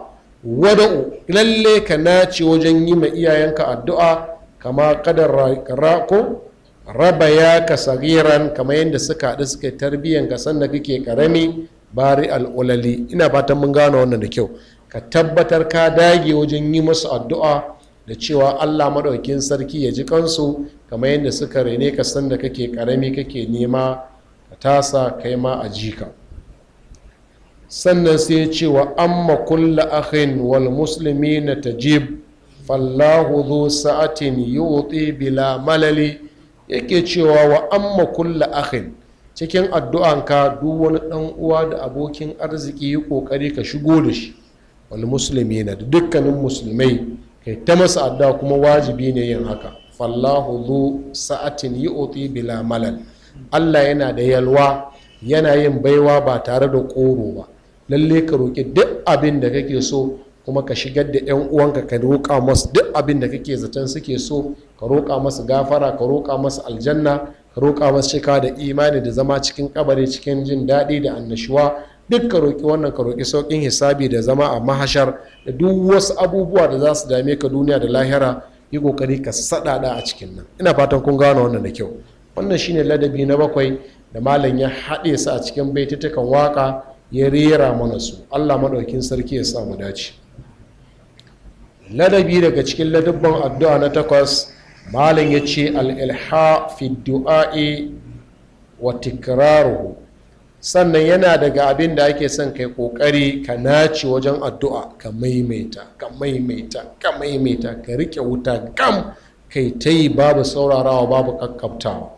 wada'u lalle ka nace wajen yi ma iyayenka addu'a kama kadar rako raba ya ka sagiran kama yadda suka haɗu suka tarbiyyan sannan kake karami bari al'ulali ina fatan mun gano wannan da kyau ka tabbatar ka dage wajen yi masu addu'a da cewa allah maɗaukin sarki ya ji kansu kamar yadda suka rene ka san da kake ƙarami kake nema ka tasa kai ma a ka. sannan sai ya ce wa amma kulla akhin wal musulmi na tajib fallahu zo sa'atin yi bila malali yake cewa wa amma kulla akhin cikin addu'anka duk wani ɗan uwa da abokin arziki yi ƙoƙari ka shigo da shi Wani musulmi na da dukkanin musulmai kai ta masa addu'a kuma wajibi ne yin haka fallahu zu sa'atin yu'ti bila malal Allah yana da yalwa yana yin baiwa ba tare da koro ba lalle ka roƙi duk abin da kake so kuma ka shigar da 'yan uwanka ka roƙa masu duk abin da kake zaton suke so ka roƙa masu gafara ka roƙa masu aljanna ka roƙa masu cika da imani da zama cikin kabari cikin jin daɗi da annashuwa duk ka roƙi wannan ka roƙi sauƙin hisabi da zama a mahashar da duk wasu abubuwa da za su dame ka duniya da lahira yi ƙoƙari ka saɗaɗa a cikin nan ina fatan kun gano wannan da kyau wannan shine ladabi na bakwai da malam ya haɗe su a cikin takan waƙa ya rera mana su allah maɗaukin sarki ya samu dace ladabi daga cikin ladabban addu'a na takwas malam ya ce al'ilha fi du'a'i wa tikraruhu sannan yana daga abin da ake son kai kokari ka naci wajen addu'a ka maimaita ka maimaita ka maimaita ka rike wuta gam kai ta yi babu saurarawa babu kakkabtawa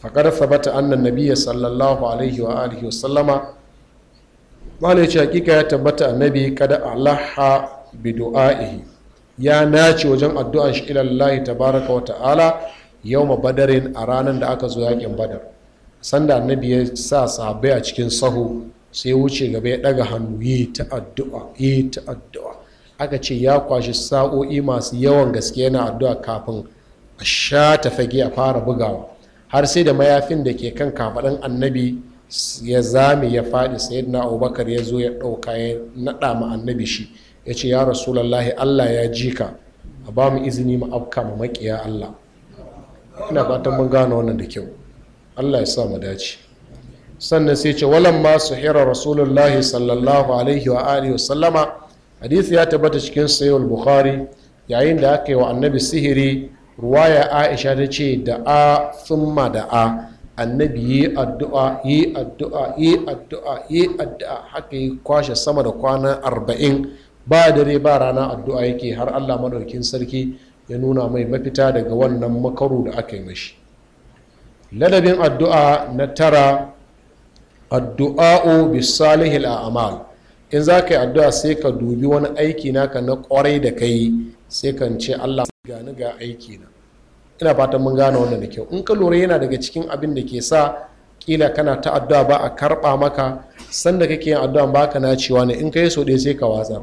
faƙar bata annan nabiya sallallahu alaihi wa alihi wasallama malai ce hakika ya tabbata annabi kada alaha bi du'a'ihi ya nace wajen addu'an shi ilallahi tabaraka wa ta'ala yau badarin, a ranar da aka zo yakin badar sanda annabi ya sa sabai a cikin sahu sai ya wuce gaba ya daga hannu yi ta addu'a yi ta addu'a aka ce ya kwashi sa'o'i masu yawan gaske yana addu'a kafin a sha ta fage a fara bugawa har sai da mayafin da ke kan kafaɗin annabi ya zame ya faɗi sayyidina abubakar ya zo ya ɗauka ya naɗa ma annabi shi ya ce ya rasulallahi allah ya ji ka a ba mu izini mu afka mu maƙiya allah ina fatan mun gane wannan da kyau allah ya sa mu dace sannan sai ce walan ma su hira rasulullahi sallallahu alaihi wa alihi wa sallama hadisi ya tabbata cikin sayyid bukhari yayin da aka yi wa annabi sihiri ruwaya aisha ta ce da a thumma da a annabi yi addu'a yi addu'a yi addu'a yi addu'a haka yi kwashe sama da kwana arba'in ba dare ba rana addu'a yake har allah madaukin sarki ya nuna mai mafita daga wannan makaru da aka yi mashi ladabin addu'a na tara addu'a'u bisalihil a'mal in za ka yi addu'a sai ka dubi wani aiki naka na kwarai da kai sai kan ce allah gani ga aiki na ina fatan mun gane wannan da kyau in ka lura yana daga cikin abin da ke sa kila kana ta addu'a ba a karba maka sanda kake yin addu'a ba ka cewa ne in ka yi sai ka watsar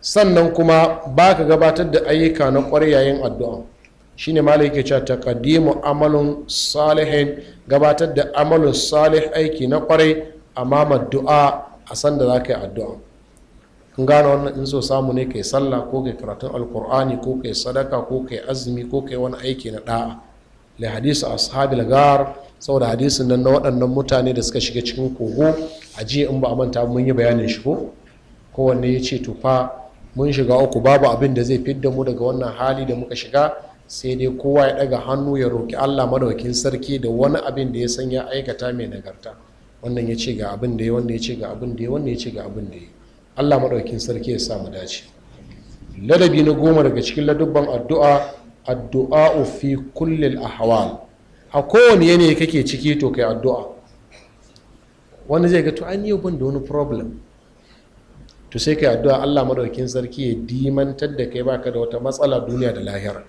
sannan kuma ba ka gabatar da ayyuka na kwarai yayin addu'a shine malai ke cewa takaddimu amalin salihin gabatar da amalin salih aiki na kwarai mamar du'a a san da zaka yi addu'a kun gane wannan in so samu ne kai sallah ko kai karatun alkur'ani ko kai sadaka ko kai azumi ko kai wani aiki na da'a li hadisi ashabil gar saboda hadisin nan na waɗannan mutane da suka shiga cikin kogo a jiya in ba a manta mun yi bayanin shi ko kowanne ya ce tufa mun shiga uku babu abin da zai fidda mu daga wannan hali da muka shiga sai dai kowa ya daga hannu ya roƙi allah madaukin sarki da wani abin da ya san ya aikata mai nagarta wannan ya ce ga abin da ya wanda ya ce ga abin da ya wanda ya ce ga abin da ya allah madaukin sarki ya samu dace ladabi na goma daga cikin ladubban addu'a addu'a fi kullil ahwal a kowane yanayi kake ciki to kai addu'a wani zai ga to an yau ban da wani problem to sai kai addu'a Allah madaukin sarki ya dimantar da kai baka da wata matsala duniya da lahira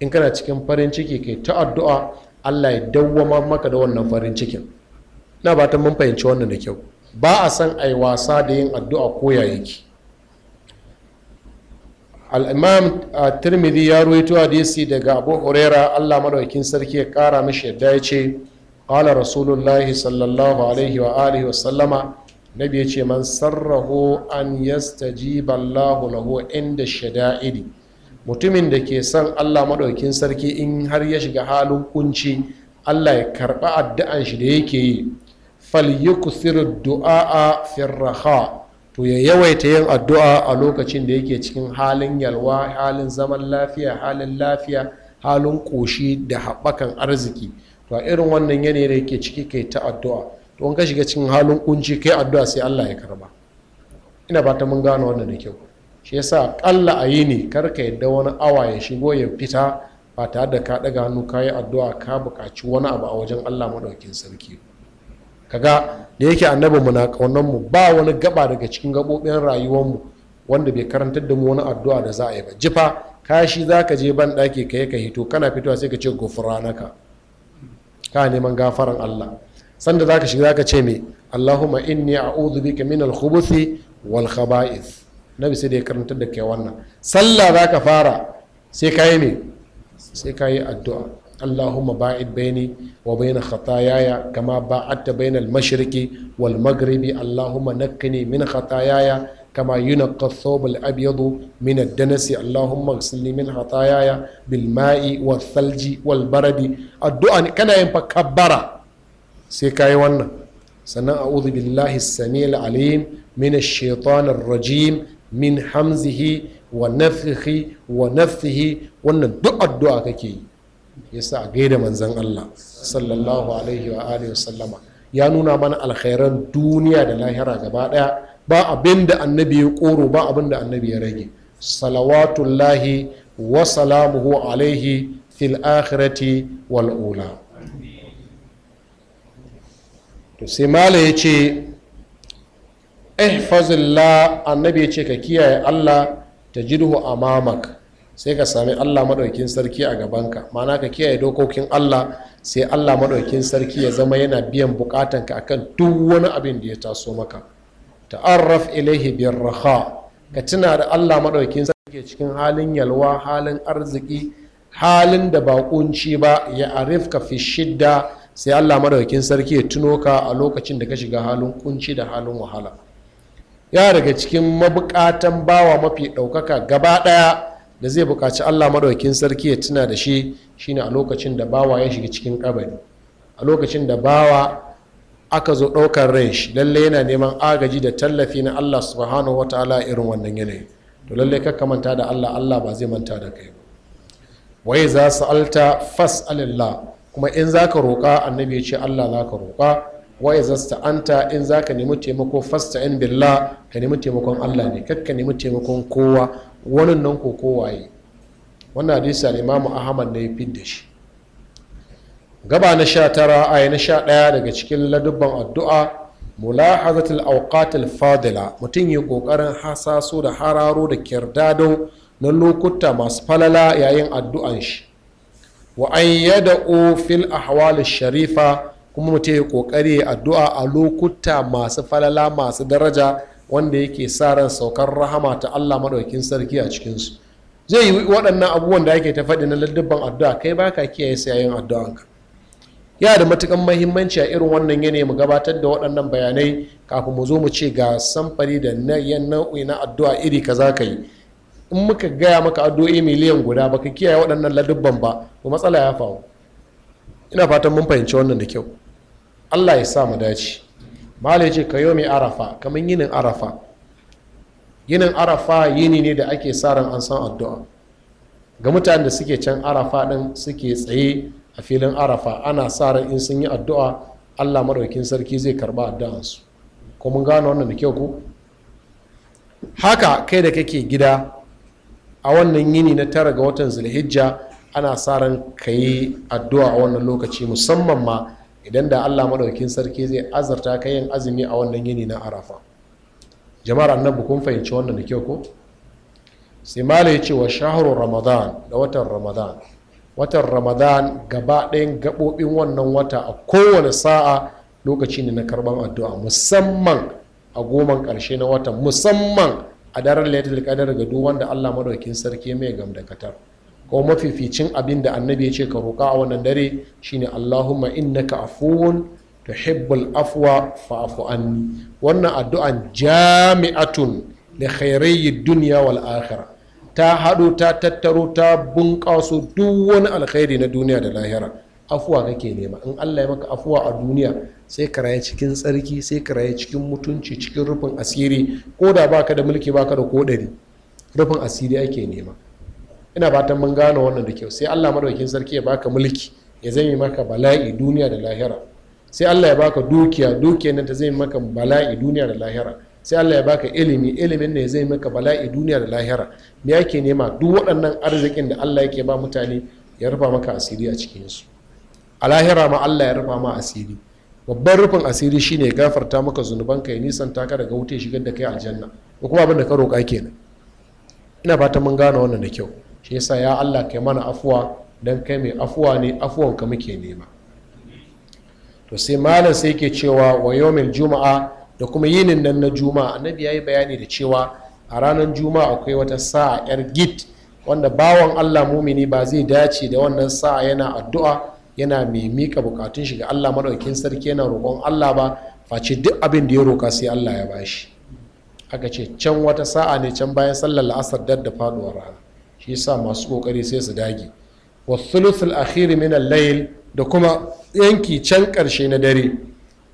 in kana cikin farin ciki kai ta addu'a Allah ya dawwama maka da wannan farin cikin na ba ta mun fahimci wannan da kyau ba a san ai wasa da yin addu'a ko ya yake al-imam uh, tirmidhi ya ruwaito hadisi daga abu huraira Allah madaukakin sarki ya kara mishi yadda ya ce qala rasulullahi sallallahu alaihi wa alihi wa sallama nabi ya ce man sarrahu an yastajiba Allahu lahu inda shada'idi mutumin da ke son allah maɗaukin sarki in har ya shiga halin kunci allah ya karɓi addu'an shi da yake yi falyuksir du'a firraha to ya yawaita yin addu'a a lokacin da yake cikin halin yalwa halin zaman lafiya halin lafiya halin ƙoshi da haɓakan arziki to a irin wannan yanayi da yake ciki kai ta addu'a to in ka shiga cikin halin kunci kai addu'a sai allah ya karɓa. ina ba ta mun gano wannan da kyau shi yasa kalla a yi ne karka yadda wani awa ya shigo ya fita ba tare da ka daga hannu ka yi addu'a ka buƙaci wani abu a wajen allah maɗaukin sarki kaga da yake annabi mu na ƙaunar mu ba wani gaba daga cikin gaɓoɓin rayuwar mu wanda bai karantar da mu wani addu'a da za a yi ba jifa kashi za ka je ban ɗaki ka yi ka hito kana fitowa sai ka ce na ka neman gafaran allah sanda za ka shiga za ka ce me allahumma inni a'udhu bika min al-khubuthi wal khaba'ith nabi sai da ya karantar da kai wannan sallah za ka fara sai ka yi ne sai ka yi addu'a allahumma ba'id baini wa baina khatayaya kama ba'adta bainal mashriqi wal maghribi allahumma nakkini min khatayaya كما ينقى الثوب الأبيض من الدنس اللهم اغسلني من خطاياي بالماء والثلج والبرد الدعاء كان ينفع سيكاي وانا سنعوذ بالله السميع العليم من الشيطان الرجيم min hamzihi wa nafihi wa nafihi wannan duk addu'a kake yi yasa a gaida manzan Allah sallallahu alaihi wa alihi sallama ya nuna mana alkhairan duniya da lahira gaba daya ba abin da annabi ya koro ba abin da annabi ya rage salawatullahi wa salamuhu alaihi fil akhirati wal ula to sai mala ya ce ihfazillah annabi ce ka kiyaye allah ta jirhu mamak sai ka sami allah maɗaukin sarki a gabanka ma'ana ka kiyaye dokokin allah sai allah maɗaukin sarki ya zama yana biyan ka akan duk wani abin da ya taso maka ta'arraf ilaihi biyar raha ka tuna da allah maɗaukin sarki cikin halin yalwa halin arziki halin da ba kunci ba ya arifka fi shidda sai allah maɗaukin sarki ya tuno ka a lokacin da ka shiga halin kunci da halin wahala ya daga cikin mabukatan bawa mafi ɗaukaka gaba ɗaya da zai buƙaci allah maɗaukin sarki ya tuna da shi shine a lokacin da bawa ya shiga cikin kabari a lokacin da bawa aka zo ɗaukar rai shi lalle yana neman agaji da tallafi na allah subhanahu wa ta'ala irin wannan yanayi to lallai kakka manta da allah allah ba zai manta da kai ba Wai za su alta fas alillah kuma in za ka roƙa annabi ya ce allah za ka roƙa waya zasta anta in za ka nemi taimako fasta in billah ka nemi taimakon allah ne ka nemi taimakon kowa wani nan ko kowaye wannan hadisi al'imamu ahmad na yi da shi gaba na sha tara na sha ɗaya daga cikin ladubban addu'a mulahazatul awqatil fadila mutum yi ƙoƙarin hasaso da hararo da kirdado na lokuta masu falala yayin addu'an shi wa an fil ahwal sharifa kuma mutum ya kokari addu'a a lokuta masu falala masu daraja wanda yake sa ran saukar rahama ta Allah maɗaukin sarki a cikinsu zai yi waɗannan abubuwan da ake ta faɗi na ladabban addu'a kai baka kiyaye yayin addu'anka ya da matukan muhimmanci a irin wannan yanayi mu gabatar da waɗannan bayanai kafin mu zo mu ce ga samfari da nau'i na addu'a iri kaza ka in muka gaya maka addu'o'i miliyan guda baka kiyaye waɗannan ladubban ba to matsala ya faru ina fatan mun fahimci wannan da kyau allah ya sa mu dace malai ce ka mai arafa kamar yinin arafa yinin arafa yini ne da ake sa ran an san addu'a ga mutanen da suke can arafa din suke tsaye a filin arafa ana sa ran in sun yi addu'a allah maraukin sarki zai karba addu'ansu ko mun gano wannan da kyau ko haka kai da kake gida a wannan yini na tara ga watan zulhijja ana sa ran ka yi addu'a a wannan lokaci musamman ma idan da allah maɗaukin sarki zai azarta ka yin azumi a wannan yini na arafa jama'ar annabi kun fahimci wannan da kyau ko sai mala ya ce wa shaharu ramadan da watan ramadan watan ramadan gaba ɗayan gaɓoɓin wannan wata a kowane sa'a lokaci ne na karɓar addu'a musamman a goman ƙarshe na watan musamman a daren laitar kadar ga duk wanda allah maɗaukin sarki mai gamdakatar ko mafificin abin da annabi ya ce ka roƙa a wannan dare shine allahumma innaka afuwun tuhibbul afwa fa'fu anni wannan addu'an jami'atun li khairayyi dunya wal akhirah ta haɗo ta tattaro ta bunƙaso duk wani alkhairi na duniya da lahira afuwa kake nema in allah ya maka afuwa a duniya sai ka raye cikin tsarki sai ka raye cikin mutunci cikin rufin asiri ko da baka da mulki baka da kodari rufin asiri ake nema ina fatan mun gane wannan da kyau sai allah madaukin sarki ya baka mulki ya zame maka bala'i duniya da lahira sai allah ya baka dukiya dukiya nan ta zai maka bala'i duniya da lahira sai allah ya baka ilimi ilimin ne zai maka bala'i duniya da lahira me yake nema duk waɗannan arzikin da allah yake ba mutane ya rufa maka asiri a cikin su. a lahira ma allah ya rufa ma asiri babban rufin asiri shine ya gafarta maka zunubanka ya nisan taka daga wuta ya shigar da kai aljanna ko kuma abin da ka roƙa kenan ina fatan mun gane wannan da kyau shi yasa ya allah kai mana afuwa don kai mai afuwa ne afuwanka muke nema to sai malam sai ke cewa wa juma'a da kuma yinin nan na juma'a annabi ya yi bayani da cewa a ranar juma'a akwai wata sa'a yar git wanda bawan allah mumini ba zai dace da wannan sa'a yana addu'a yana mai mika bukatun shiga allah maɗaukin sarki yana roƙon allah ba face duk abin da ya roƙa sai allah ya bashi aka ce can wata sa'a ne can bayan sallar la'asar da faɗuwar rana shi sa masu kokari sai su dage wa thuluthul akhir min al-layl da kuma yanki can karshe na dare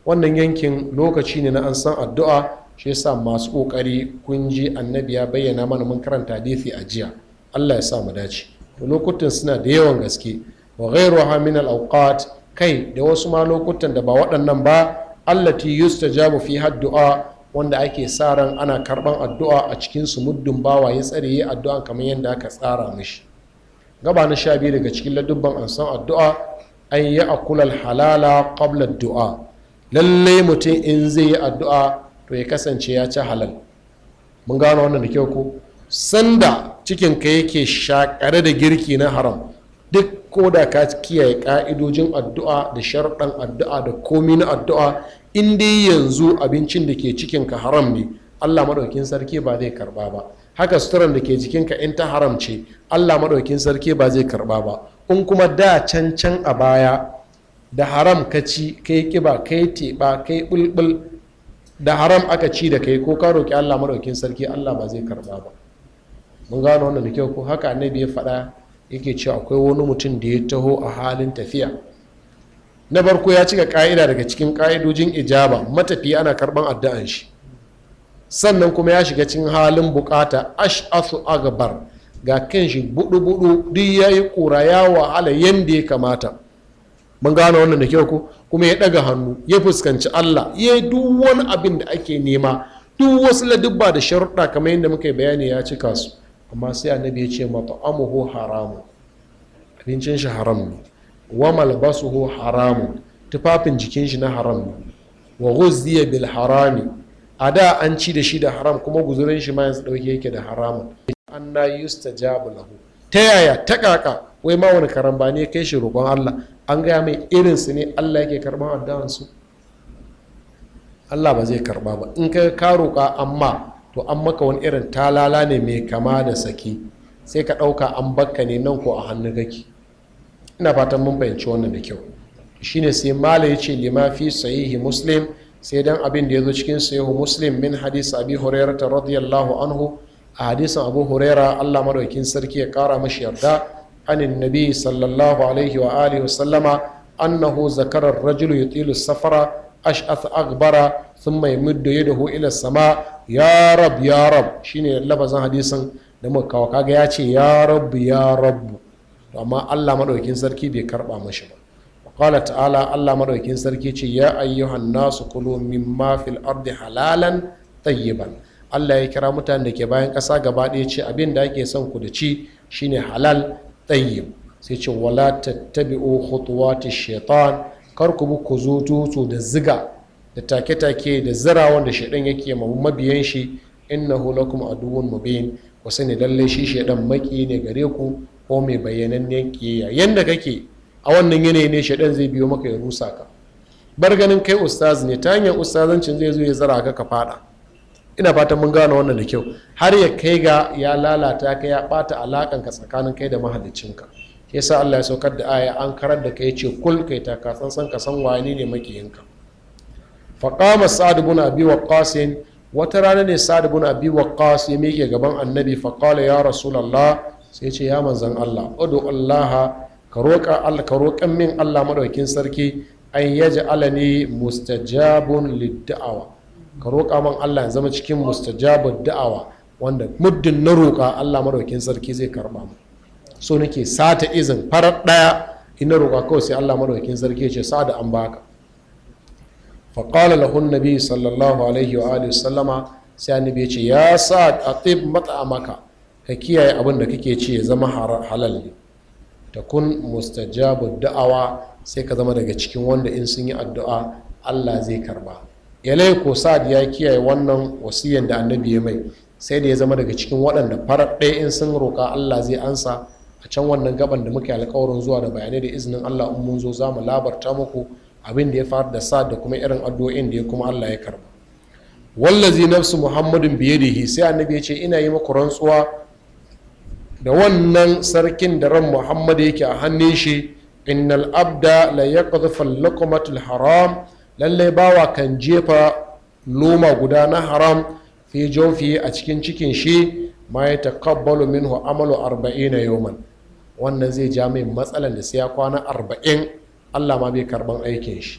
wannan yankin lokaci ne na an san addu'a shi sa masu kokari kun ji annabi ya bayyana mana mun karanta hadisi a jiya Allah ya sa mu dace to lokutan suna da yawan gaske wa ghayruha min al-awqat kai da wasu ma lokutan da ba waɗannan ba allati yustajabu fi haddu'a wanda ake sa ran ana karban addu'a a cikin su muddin bawa ya tsare yi addu'a kamar yadda aka tsara mishi gaba na sha biyu daga cikin ladubban an addu'a an yi akulal halala qabla du'a lallai mutum in zai yi addu'a to ya kasance ya ci halal mun gano wannan da kyau ko sanda cikin ka yake shakare da girki na haram duk ko da ka kiyaye ka'idojin addu'a da sharɗan addu'a da komi na addu'a in dai yanzu abincin da ke cikinka haram ne allah maɗaukin sarki ba zai karɓa ba haka suturan da ke jikinka in ta haram ce allah maɗaukin sarki ba zai karɓa ba in kuma da cancan a baya da haram ka ci kai kiba kai teɓa kai ɓulɓul, da haram aka ci da kai ko ka roƙi allah maɗaukin sarki allah ba zai karɓa ba mun gano wannan da kyau ko haka annabi ya faɗa yake ce akwai wani mutum da ya taho a halin tafiya na barko ya cika ka'ida daga cikin ka'idojin ijaba matafiya ana karban addu'an shi sannan kuma ya shiga cikin halin bukata ash'asu agabar. ga kan shi budu-budu duk ya yi kura ya wahala yadda ya kamata mun gane wannan da kyau ko kuma ya daga hannu ya fuskanci allah ya yi duk wani abin da ake nema duk wasu ladubba da sharuɗa kamar yadda muka yi bayani ya cika su amma sai annabi ya ce mat'amuhu haramu abincin shi haram ne wa malbasuhu haramu tufafin jikin shi na haram ne wa ghuzziya bil harami a da an ci da shi da haram kuma guzurin shi ma yanzu dauke yake da haramun anna yustajabu lahu ta yaya ta kaka wai ma wani karamba ne kai shi roƙon Allah an gaya mai irin su ne Allah yake karban da su Allah ba zai karba ba in ka ka roƙa amma to an maka wani irin talala ne mai kama da sake sai ka ɗauka an bakka ne nan ko a hannu gaki. ina fatan mun fahimci wannan da kyau shine sai mala ya ce lima fi sahihi muslim sai dan abin da ya zo cikin sahihu muslim min hadis abi hurairah radiyallahu anhu a hadisin abu huraira allah madaukin sarki ya kara mashi yarda anin nabi sallallahu alaihi wa alihi wa sallama annahu zakara rajulu yutilu safara ash ash'ath akbara sun mai mudda ya dahu ila sama ya rab ya rab shine lafazin hadisin da muka kawo kaga ya ce ya rabu ya rabu amma allah maɗaukin sarki bai karɓa mashi ba qala ta'ala allah maɗaukin sarki ce ya ayyuhan nasu kulu mimma fil halalan tayyiban allah ya kira mutanen da ke bayan ƙasa gaba ɗaya ce abin da ake son ku da ci shine halal tayyib sai ce wala tattabi'u khutuwati shaitan kar ku bi ku zo tutu da ziga da take-take da zara wanda shaidan yake ma mabiyan shi innahu lakum aduwwun mubin ku sani lallai shi shaɗan maki ne gare ku ko mai bayyanannen kiyayya yanda kake a wannan yanayi ne shaidan zai biyo maka ya rusa ka bar ganin kai ustaz ne ta hanyar ustazancin zai zo ya zara ka ka fada ina fatan mun gane wannan da kyau har ya kai ga ya lalata ka ya ɓata alakan tsakanin kai da ka yasa Allah ya saukar da aya an karar da kai ce kul kai ta ka tsantsan ka san wani ne makiyinka fa qama sa'd ibn abi waqqas wata rana ne sa'd ibn abi waqqas ya miƙe gaban annabi fa qala ya rasulullah sai ce ya manzon Allah udu Allah ka roƙa Allah ka roƙan min Allah madaukin sarki an yaji Alani mustajabun lidda'awa ka roƙa man Allah ya zama cikin mustajabud da'awa wanda muddin na roƙa Allah madaukin sarki zai karɓa mu so nake sata izin farar ina roƙa kawai sai allah madaukakin sarki ce sa an baka qala lahu nabi sallallahu alaihi wa alihi sallama sai annabi ya ce ya sa a tsib mata maka ka kiyaye abin da kake ce ya zama halal ne ta kun mustajabu da'awa sai ka zama daga cikin wanda in sun yi addu'a allah zai karba yalai ko sa'ad ya kiyaye wannan wasiyan da annabi ya mai sai da ya zama daga cikin waɗanda farar ɗaya in sun roƙa allah zai ansa a can wannan gaban da muke alkawarin zuwa da bayanai da izinin allah in mun zo za mu labarta muku abin da ya faru da sa da kuma irin addu'o'in da ya kuma allah ya karba wallazi nafsu muhammadin biyadihi sai annabi ya ce ina yi maku rantsuwa da wannan sarkin da ran muhammad yake a hannun shi innal abda la yaqdhafu luqmatul haram lallai bawa kan jefa loma guda na haram fi jawfi a cikin cikin shi ma ya taqabbalu minhu amalu arba'ina yawman wannan zai ja mai matsalan da sai ya kwana arba'in allah ma bai karban aikin shi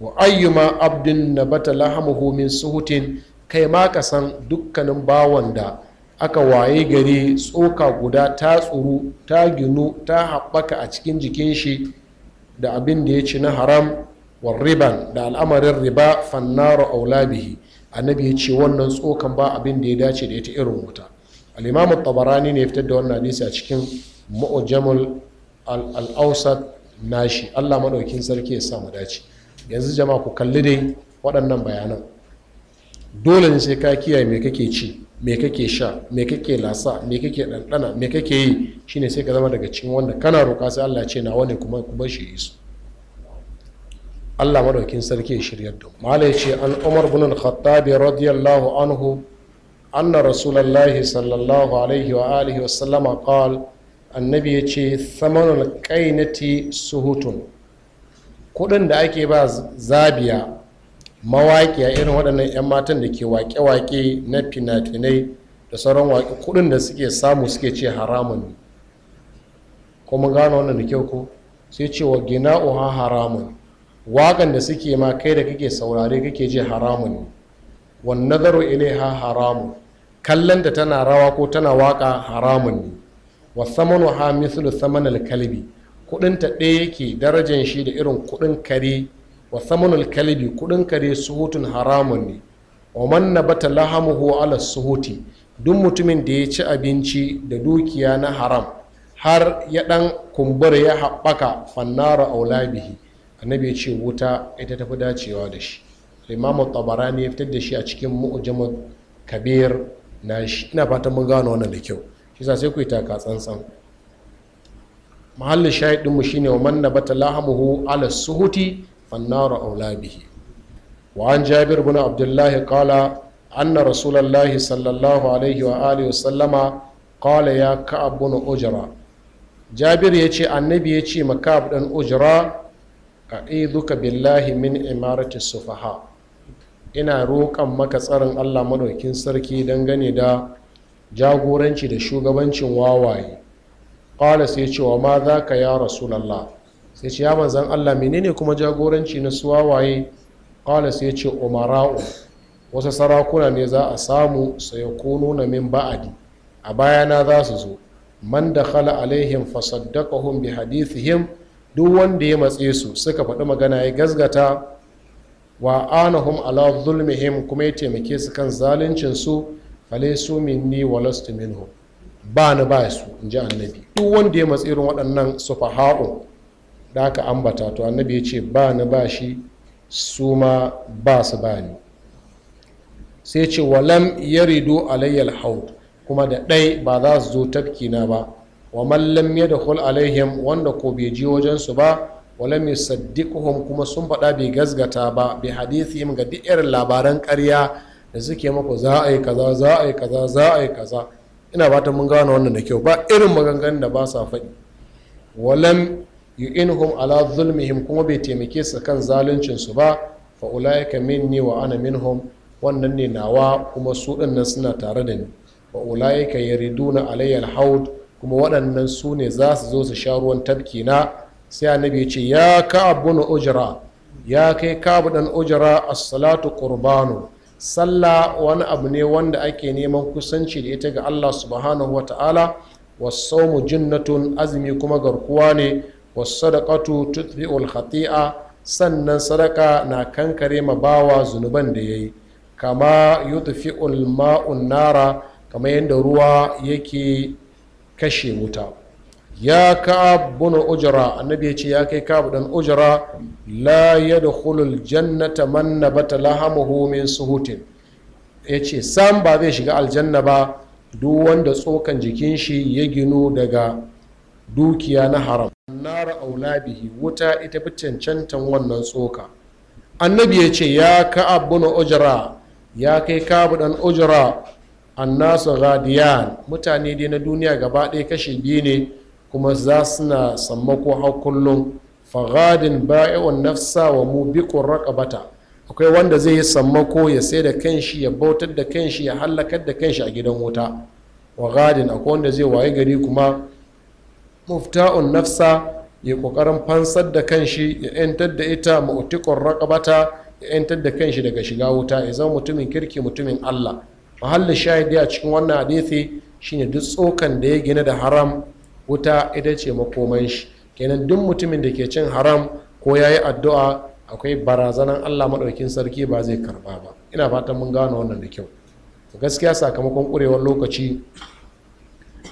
wa ayyuma abdin na bata lahamuhu min suhutin kai ma ka san dukkanin bawan da aka waye gari tsoka guda ta tsuru ta ginu ta haɓaka a cikin jikin shi da abin da ya ci na haram riban da al'amarin riba fannaro aulabihi annabi ya ce wannan tsokan ba abin da ya dace da ya ita irin wuta al'imamu tabarani ne ya fitar da wannan hadisi a cikin mu'jamul al nashi Allah madaukin sarki ya sa mu dace yanzu jama'a ku kalli dai waɗannan bayanan dole ne sai ka kiyaye me kake ci me kake sha me kake lasa me kake ɗanɗana me kake yi shine sai ka zama daga cikin wanda kana roƙa sai Allah ya ce nawa ne kuma ku bar shi isu Allah madaukin sarki ya shiryar da mala ya ce an Umar bin al-Khattab radiyallahu anhu anna rasulullahi sallallahu alaihi wa alihi wa sallama qala annabi ya ce samanul kainati suhutun kudin da ake ba zabiya mawaƙiya irin waɗannan 'yan matan da ke waƙe-waƙe na fina-finai da sauran waƙe kudin da suke samu suke ce haramun ne kuma gano wannan da kyau ko sai ce wa gina uha haramun waƙan da suke ma kai da kake saurare kake ji haramun ne wannan zaro ha haramun kallon da tana rawa ko tana waƙa haramun ne wa samanu ha mislu alkalbi kalbi ta ɗaya yake darajan shi da irin kudin kare wa samanul kalbi kudin kare suhutun haramun ne wa man nabata lahamuhu ala suhuti duk mutumin da ya ci abinci da dukiya na haram har ya dan kumbura ya haɓaka fannara aulabihi annabi ya ce wuta ita tafi dacewa da shi imam tabarani ya fitar da shi a cikin mu'jamul kabir na shi ina fatan mun gano wannan da kyau kisa sai ku yi taka tsantsan mahallin shahidinmu mu shine wa manna bata lahamuhu ala suhuti fannara aula bihi wa an jabir bin abdullahi qala anna rasulullahi sallallahu alaihi wa alihi wa sallama kala ya ka'ab ibn ujra jabir yace annabi yace ma ka'ab dan ujra a'iduka billahi min imarati sufaha ina roƙan maka tsarin Allah madaukin sarki dangane da jagoranci da shugabancin wawaye ƙwala sai cewa ma za ka ya rasulallah sai ce ya manzan allah menene kuma jagoranci na su wawaye ƙwala sai ce umara'u wasu sarakuna ne za a samu sai ku nuna min ba'adi a bayana za su zo man da khala alaihim fasaddaqahum bi hadithihim duk wanda ya matse su suka faɗi magana ya gazgata wa anahum ala zulmihim kuma ya taimake su kan zaluncin su falaisu minni wa lastu ba na ba su in ji annabi duk wanda ya matsi irin waɗannan sufaha'u da aka ambata to annabi ya ce ba na ba shi su ma ba su ba ni sai ce walam yaridu alayyal haud kuma da ɗai ba za su zo na ba wa mallam ya da hul alaihim wanda ko bai ji wajensu ba walam yusaddiquhum kuma sun faɗa bai gazgata ba Bai hadithihim ga duk irin labaran ƙarya da suke mako za a yi kaza za a yi kaza za a yi kaza ina ta mun gane wannan da kyau ba irin maganganun da ba sa faɗi walam yu'inhum ala zulmihim kuma bai taimake su kan zaluncin su ba fa ulaika minni wa ana minhum wannan ne nawa kuma su dinnan suna tare da ni fa ulaika yariduna alayya alhaud kuma waɗannan su ne za su zo su sha ruwan tafki na sai annabi ya ce ya ka ujra ya kai ka'ab dan ujra as-salatu qurbanu sallah wani abu ne wanda ake neman kusanci da ita ga allah subhanahu wata'ala wasaumu jinnatun azumi kuma garkuwa ne wasadaqatu tutfi'ul khati'a sannan sadaka na kankare ma bawa zunuban da yayi kama yutfi'ul ma'un nara kamar yadda ruwa yake kashe wuta ya ka'ab ujra annabi ya ce ya kai ka'ab dan ujra la yadkhulul jannata man nabata lahamuhu min suhutin ce sam ba zai shiga aljanna ba duk wanda tsokan jikin shi ya ginu daga dukiya na haram nara aulabihi wuta ita fi cancantan wannan tsoka annabi ya ce ya ka'ab bin ujra ya kai ka'ab dan ujra annasu ghadiyan mutane dai na duniya gaba ɗaya kashi biyu ne kuma za suna sammako har kullum fagadin ba'iwan nafsa wa mu biqur akwai wanda zai yi sammako ya sai da kanshi ya bautar da kanshi ya hallakar da kanshi a gidan wuta wa gadin akwai wanda zai waye gari kuma mufta'un nafsa ya kokarin fansar da kanshi ya yantar da ita ma'utikon raƙabata ya yantar da kanshi daga shiga wuta ya zama mutumin kirki mutumin allah mahallin shahidi a cikin wannan hadithi shine duk tsokan da ya gina da haram wuta ita ce makoman shi kenan duk mutumin da ke cin haram ko ya yi addu'a akwai barazanan allah maɗaukin sarki ba zai karba ba ina fatan mun gano wannan da kyau gaskiya sakamakon ƙurewar lokaci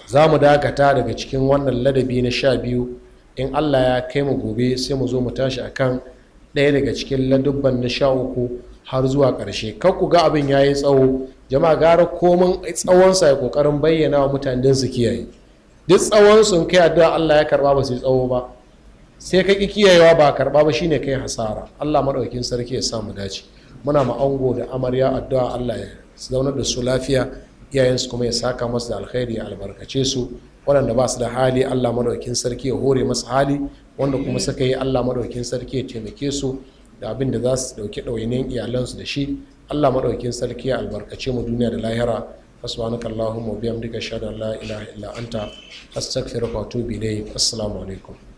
za mu dakata daga cikin wannan ladabi na sha biyu in allah ya kai mu gobe sai mu zo mu tashi akan ɗaya daga cikin ladubban na sha uku har zuwa ƙarshe Kar ku ga abin ya yi tsawo jama'a gara komin tsawonsa ya ƙoƙarin bayyana wa mutanen su kiyaye duk tsawon sun kai addu'a Allah ya karba ba yi tsawo ba sai ka ki kiyayewa ba karba ba shine kai hasara Allah madaukakin sarki ya sa mu dace muna ma ango da amarya addu'a Allah ya zaunar da su lafiya iyayensu kuma ya saka masu da alkhairi ya albarkace su waɗanda ba su da hali allah maɗaukin sarki ya hore masu hali wanda kuma suka yi allah maɗaukin sarki ya taimake su da abin da za su ɗauki ɗawainiyar iyalansu da shi allah maɗaukin sarki ya albarkace mu duniya da lahira subhanaka allahumma wa bihamdika ashhadu an la ilaha illa anta astaghfiruka wa atubu assalamu alaikum